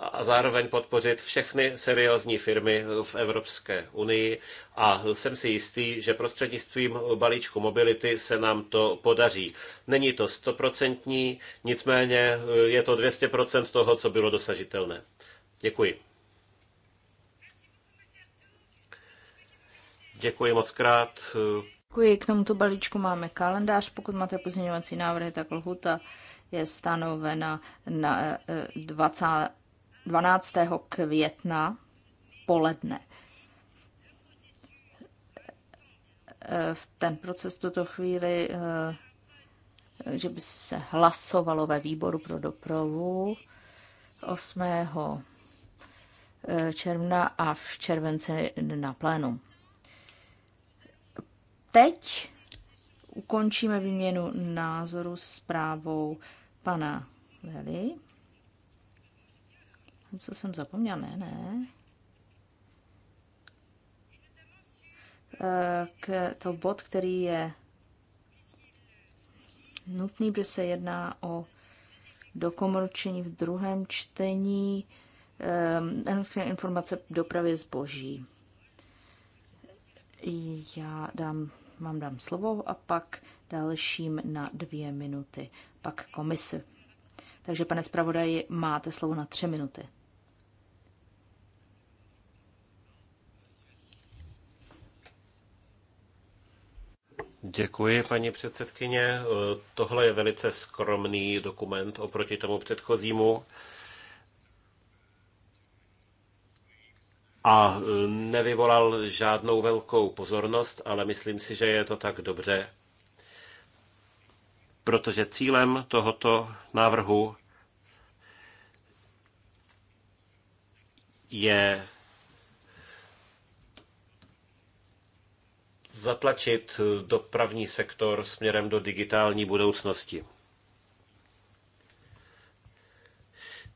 a zároveň podpořit všechny seriózní firmy v Evropské unii a jsem si jistý, že prostřednictvím balíčku mobility se nám to podaří. Není to stoprocentní, nicméně eh, je to 200% toho, co bylo dosažitelné. Děkuji. Děkuji moc krát. Děkuji. K tomuto balíčku máme kalendář. Pokud máte pozměňovací návrhy, tak lhuta je stanovena na 20, eh, 12. května poledne. Eh, v ten proces tuto chvíli, eh, že by se hlasovalo ve výboru pro dopravu 8. června a v červenci na plénu. Teď ukončíme výměnu názoru s zprávou pana Veli. Co jsem zapomněla, ne, ne. Eh, k to bod, který je nutný, protože se jedná o dokomručení v druhém čtení eh, Evropské informace dopravě zboží. Já dám vám dám slovo a pak dalším na dvě minuty, pak komisi. Takže, pane zpravodaji, máte slovo na tři minuty. Děkuji, paní předsedkyně. Tohle je velice skromný dokument oproti tomu předchozímu. a eh, nevyvolal žádnou velkou pozornost, ale myslím si, že je to tak dobře, protože cílem tohoto návrhu je zatlačit dopravní sektor směrem do digitální budoucnosti.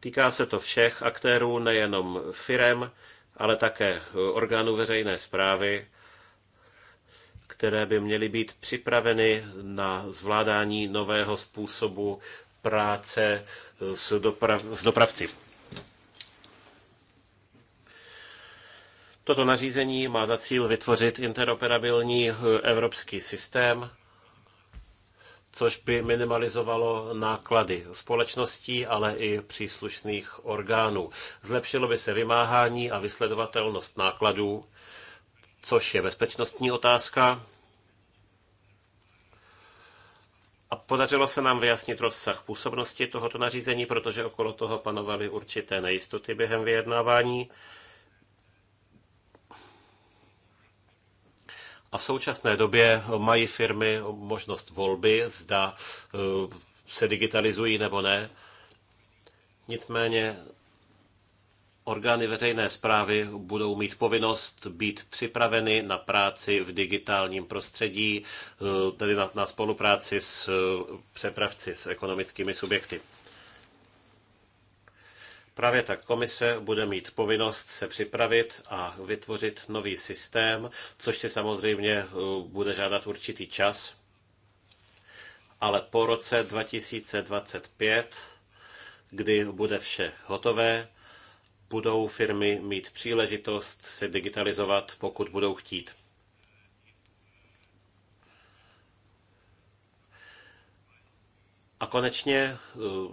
Týká se to všech aktérů, nejenom firem, ale také eh, orgánů veřejné zprávy, které by měly být připraveny na zvládání nového způsobu práce eh, s, doprav, s dopravci. Toto nařízení má za cíl vytvořit interoperabilní eh, evropský systém, což by minimalizovalo náklady společností, ale i příslušných orgánů. Zlepšilo by se vymáhání a vysledovatelnost nákladů, což je bezpečnostní otázka. A podařilo se nám vyjasnit rozsah působnosti tohoto nařízení, protože okolo toho panovaly určité nejistoty během vyjednávání. A v současné době mají firmy možnost volby, zda eh, se digitalizují nebo ne. Nicméně orgány veřejné zprávy budou mít povinnost být připraveny na práci v digitálním prostředí, eh, tedy na, na spolupráci s eh, přepravci, s ekonomickými subjekty. Právě tak komise bude mít povinnost se připravit a vytvořit nový systém, což si samozřejmě eh, bude žádat určitý čas. Ale po roce 2025, kdy bude vše hotové, budou firmy mít příležitost se digitalizovat, pokud budou chtít. A konečně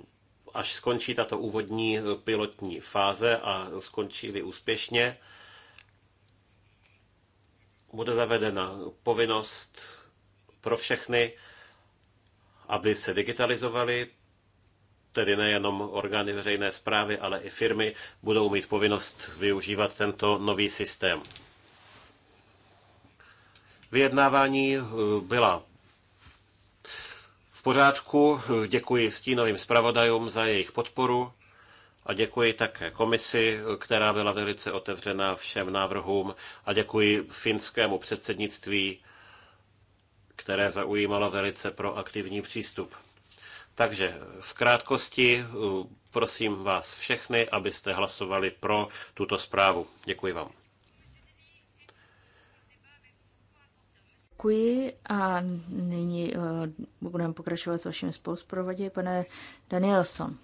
eh, až skončí tato úvodní pilotní fáze a skončí-li úspěšně, bude zavedena povinnost pro všechny, aby se digitalizovali, tedy nejenom orgány veřejné zprávy, ale i firmy budou mít povinnost využívat tento nový systém. Vyjednávání eh, byla pořádku, děkuji stínovým zpravodajům za jejich podporu a děkuji také komisi, která byla velice otevřená všem návrhům a děkuji finskému předsednictví, které zaujímalo velice proaktivní přístup. Takže v krátkosti prosím vás všechny, abyste hlasovali pro tuto zprávu. Děkuji vám. Děkuji a nyní uh, budeme pokračovat s vaším spoluprovodi, pane Danielson.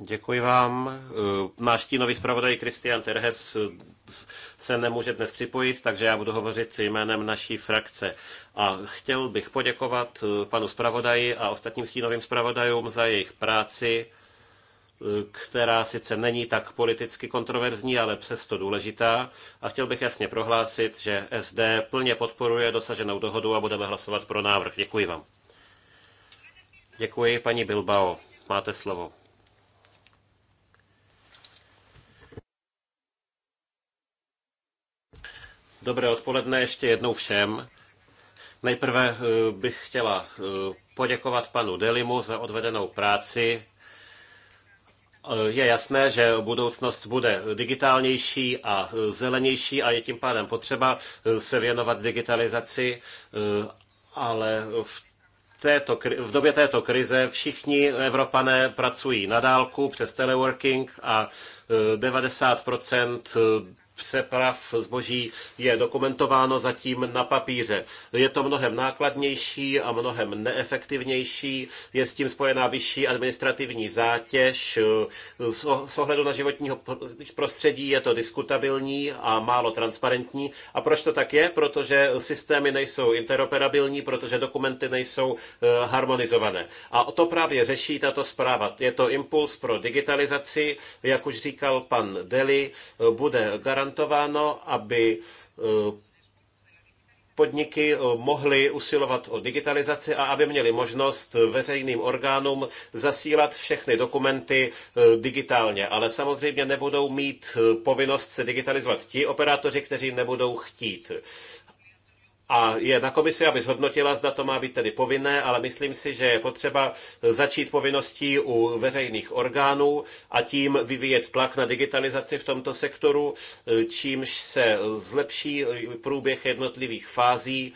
Děkuji vám. Eh, náš stínový zpravodaj Kristian Terhes se nemůže dnes připojit, takže já budu hovořit jménem naší frakce. A chtěl bych poděkovat eh, panu zpravodaji a ostatním stínovým zpravodajům za jejich práci která sice není tak politicky kontroverzní, ale přesto důležitá. A chtěl bych jasně prohlásit, že SD plně podporuje dosaženou dohodu a budeme hlasovat pro návrh. Děkuji vám. Děkuji, paní Bilbao. Máte slovo. Dobré odpoledne ještě jednou všem. Nejprve eh, bych chtěla eh, poděkovat panu Delimu za odvedenou práci je jasné, že budoucnost bude digitálnější a zelenější a je tím pádem potřeba eh, se věnovat digitalizaci, eh, ale v této, v době této krize všichni Evropané pracují na dálku přes teleworking a 90 eh, přeprav zboží je dokumentováno zatím na papíře. Je to mnohem nákladnější a mnohem neefektivnější, je s tím spojená vyšší administrativní zátěž. S ohledu na životního prostředí je to diskutabilní a málo transparentní. A proč to tak je? Protože systémy nejsou interoperabilní, protože dokumenty nejsou eh, harmonizované. A to právě řeší tato zpráva. Je to impuls pro digitalizaci, jak už říkal pan Deli, eh, bude garant garantováno, aby eh, podniky eh, mohly usilovat o digitalizaci a aby měly možnost veřejným orgánům zasílat všechny dokumenty eh, digitálně. Ale samozřejmě nebudou mít povinnost se digitalizovat ti operátoři, kteří nebudou chtít. A je na komisi, aby zhodnotila, zda to má být tedy povinné, ale myslím si, že je potřeba začít povinností u veřejných orgánů a tím vyvíjet tlak na digitalizaci v tomto sektoru, čímž se zlepší průběh jednotlivých fází.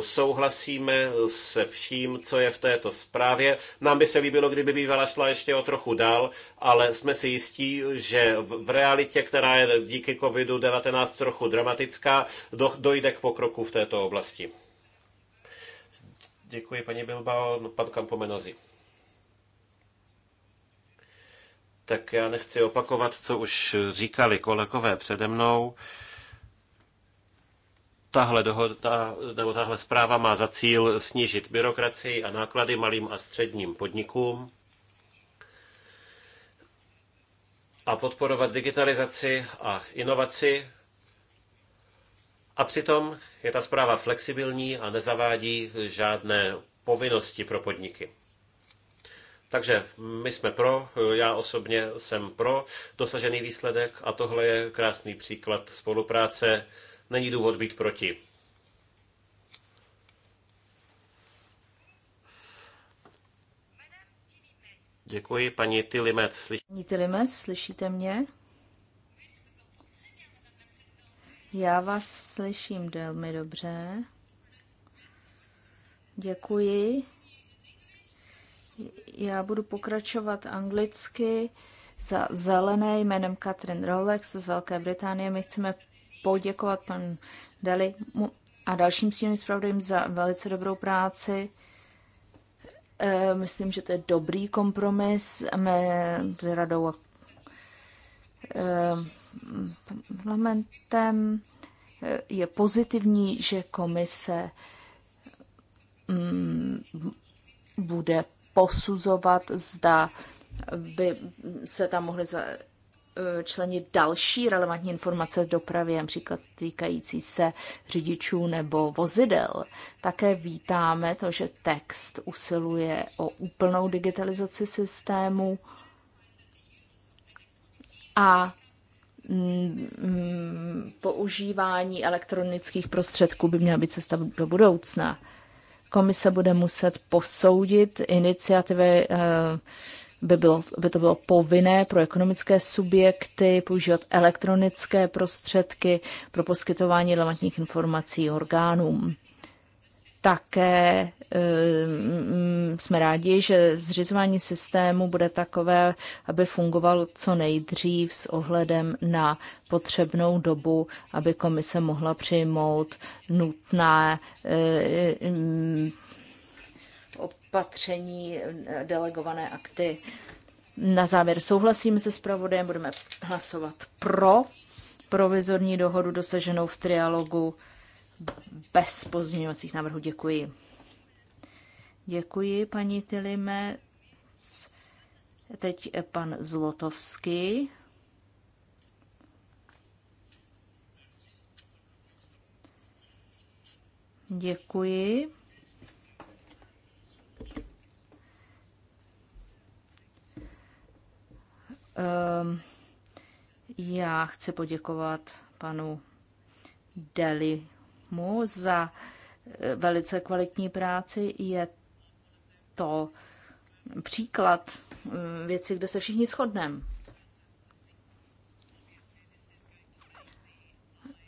Souhlasíme se vším, co je v této zprávě. Nám by se líbilo, kdyby bývala šla ještě o trochu dál, ale jsme si jistí, že v realitě, která je díky COVID-19 trochu dramatická, dojde k pokroku v této oblasti. Děkuji, paní Bilbao. No, pan Kampomenozi. Tak já nechci opakovat, co už říkali kolegové přede mnou. Tahle, dohoda, nebo tahle zpráva má za cíl snížit byrokracii a náklady malým a středním podnikům a podporovat digitalizaci a inovaci a přitom je ta zpráva flexibilní a nezavádí žádné povinnosti pro podniky. Takže my jsme pro, já osobně jsem pro dosažený výsledek a tohle je krásný příklad spolupráce. Není důvod být proti. Děkuji, paní Tilimec. Slyš... Paní Tilimec, slyšíte mě? Já vás slyším velmi dobře. Děkuji. Já budu pokračovat anglicky za zelené jménem Katrin Rolex z Velké Británie. My chceme poděkovat panu Deli a dalším stínovým zpravodajům za velice dobrou práci. E, myslím, že to je dobrý kompromis s radou a momentem eh, Je pozitivní, že komise mm, bude posuzovat, zda by se tam mohly eh, členit další relevantní informace v dopravě, například týkající se řidičů nebo vozidel. Také vítáme to, že text usiluje o úplnou digitalizaci systému a mm, používání elektronických prostředků by měla být cesta do budoucna. Komise bude muset posoudit iniciativy, eh, by, bylo, by to bylo povinné pro ekonomické subjekty používat elektronické prostředky pro poskytování relevantních informací orgánům. Také Ehm, jsme rádi, že zřizování systému bude takové, aby fungoval co nejdřív s ohledem na potřebnou dobu, aby komise mohla přijmout nutné ehm, opatření, delegované akty. Na závěr souhlasím se zpravodajem, budeme hlasovat pro provizorní dohodu dosaženou v trialogu bez pozměňovacích návrhů. Děkuji. Děkuji, paní Tilimec. Teď pan Zlotovský. Děkuji. Ehm, já chci poděkovat panu Delimu za eh, velice kvalitní práci. Je to příklad mm, věci, kde se všichni shodneme.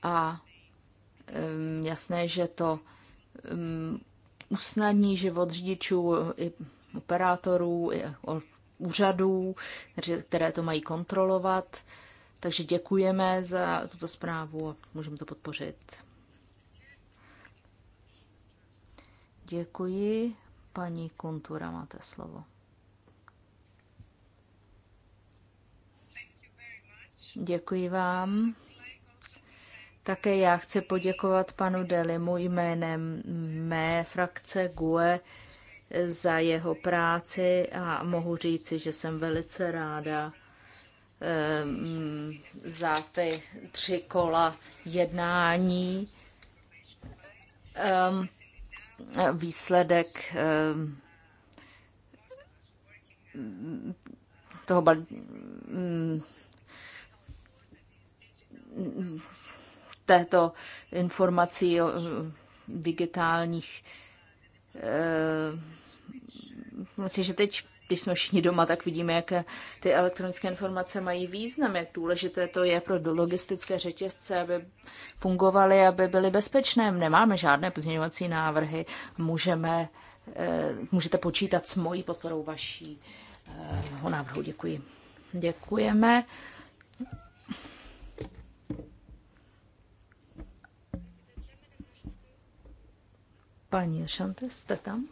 A mm, jasné, že to mm, usnadní život řidičů i operátorů, i úřadů, které to mají kontrolovat. Takže děkujeme za tuto zprávu a můžeme to podpořit. Děkuji. Paní Kuntura, máte slovo. Děkuji vám. Také já chci poděkovat panu Delimu jménem mé frakce GUE za jeho práci a mohu říci, že jsem velice ráda ehm, za ty tři kola jednání. Um, výsledek ehm, toho bal- této informací o eh, digitálních ehm, Myslím, že teď když jsme všichni doma, tak vidíme, jak ty elektronické informace mají význam, jak důležité to je pro logistické řetězce, aby fungovaly, aby byly bezpečné. Nemáme žádné pozměňovací návrhy, můžeme, eh, můžete počítat s mojí podporou vaší eh, návrhu. Děkuji. Děkujeme. Paní Šante, jste tam?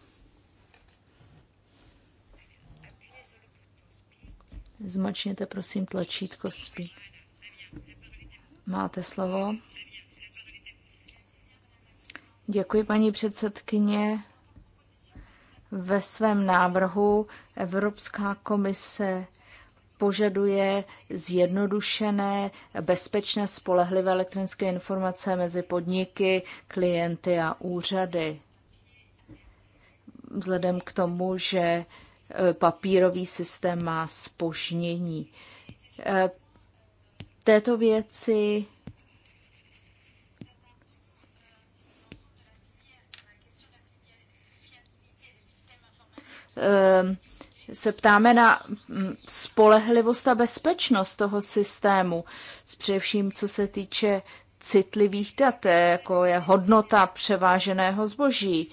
Zmačněte prosím tlačítko spí. Máte slovo. Děkuji, paní předsedkyně. Ve svém návrhu Evropská komise požaduje zjednodušené, bezpečné, spolehlivé elektronické informace mezi podniky, klienty a úřady. Vzhledem k tomu, že Eh, papírový systém má spožnění. Eh, této věci eh, se ptáme na mm, spolehlivost a bezpečnost toho systému, především co se týče citlivých dat, jako je hodnota převáženého zboží,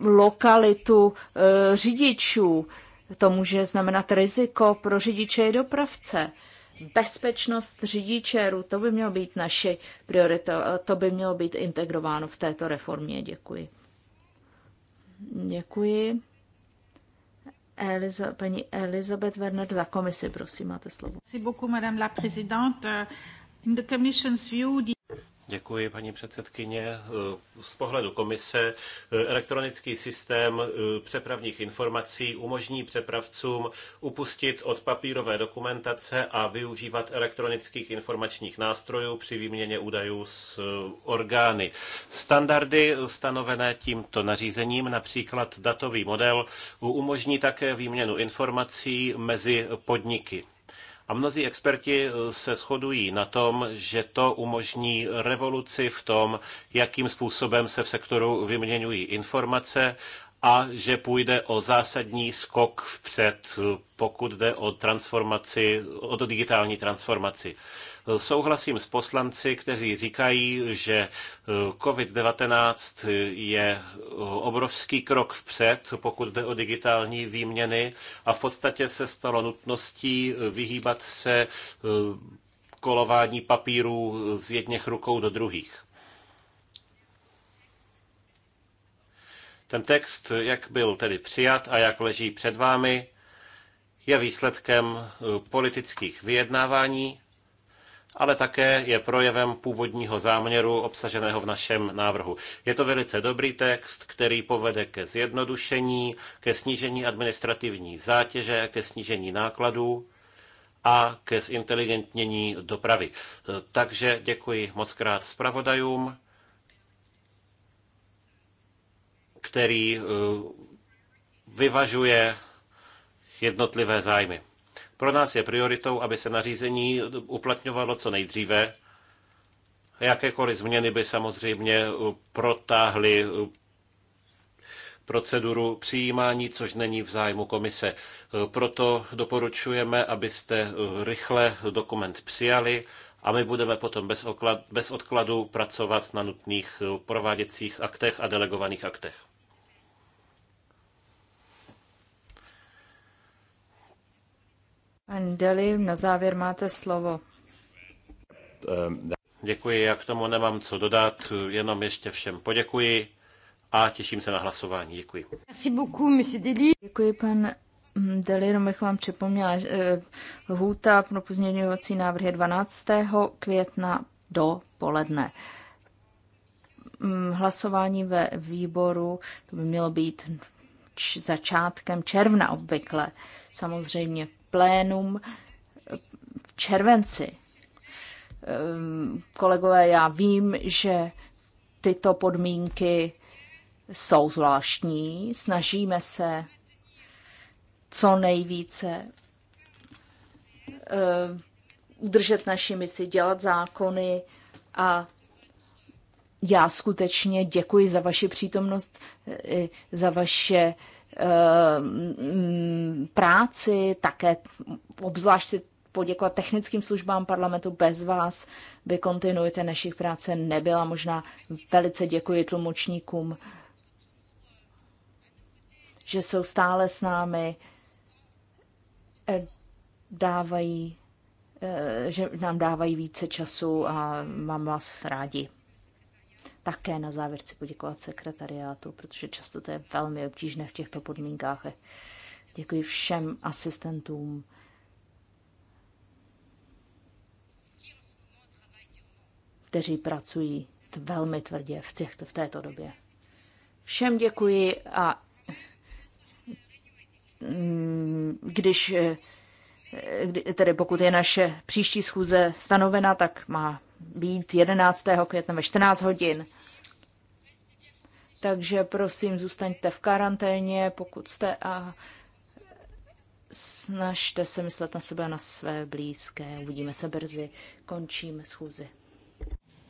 lokalitu eh, řidičů. To může znamenat riziko pro řidiče i dopravce. Bezpečnost řidičů. to by mělo být naši priorita, eh, to by mělo být integrováno v této reformě. Děkuji. Děkuji. Eliza, paní Elizabeth Werner za komisi, prosím, máte slovo. Děkuji, beaucoup, madame la présidente. In the commission's view, Děkuji, paní předsedkyně. Z pohledu komise elektronický systém přepravních informací umožní přepravcům upustit od papírové dokumentace a využívat elektronických informačních nástrojů při výměně údajů s orgány. Standardy stanovené tímto nařízením, například datový model, umožní také výměnu informací mezi podniky. A mnozí experti eh, se shodují na tom, že to umožní revoluci v tom, jakým způsobem se v sektoru vyměňují informace a že půjde o zásadní skok vpřed, eh, pokud jde o transformaci, o digitální transformaci. Souhlasím s poslanci, kteří říkají, že eh, COVID-19 je eh, obrovský krok vpřed, pokud jde o digitální výměny a v podstatě se stalo nutností eh, vyhýbat se kolování papírů z jedněch rukou do druhých. Ten text, jak byl tedy přijat a jak leží před vámi, je výsledkem politických vyjednávání ale také je projevem původního záměru obsaženého v našem návrhu. Je to velice dobrý text, který povede ke zjednodušení, ke snížení administrativní zátěže, ke snížení nákladů a ke zinteligentnění dopravy. Takže děkuji moc krát zpravodajům, který eh, vyvažuje jednotlivé zájmy. Pro nás je prioritou, aby se nařízení uplatňovalo co nejdříve. Jakékoliv změny by samozřejmě protáhly proceduru přijímání, což není v zájmu komise. Proto doporučujeme, abyste rychle dokument přijali a my budeme potom bez, oklad, bez odkladu pracovat na nutných prováděcích aktech a delegovaných aktech. Andeli, na závěr máte slovo. Děkuji, já k tomu nemám co dodat, jenom ještě všem poděkuji a těším se na hlasování. Děkuji. Děkuji Děkuji, pan Deli, jenom bych vám připomněla, že eh, lhůta pro pozměňovací návrh je 12. května do poledne. Mm, hlasování ve výboru, to by mělo být začátkem června obvykle, samozřejmě plénum v červenci. Ehm, kolegové, já vím, že tyto podmínky jsou zvláštní. Snažíme se co nejvíce ehm, udržet naši misi, dělat zákony a já skutečně děkuji za vaši přítomnost, za vaše Eh, práci, také obzvlášť si poděkovat technickým službám parlamentu. Bez vás by kontinuita našich práce nebyla možná. Velice děkuji tlumočníkům, že jsou stále s námi, eh, dávají, eh, že nám dávají více času a mám vás rádi. Také na závěr chci poděkovat sekretariátu, protože často to je velmi obtížné v těchto podmínkách. Děkuji všem asistentům. kteří pracují velmi tvrdě v, těchto, v této době. Všem děkuji a mm, když, eh, tedy pokud je naše příští schůze stanovena, tak má být 11. května ve 14 hodin. Takže prosím, zůstaňte v karanténě, pokud jste a snažte se myslet na sebe a na své blízké. Uvidíme se brzy. Končím schůzi.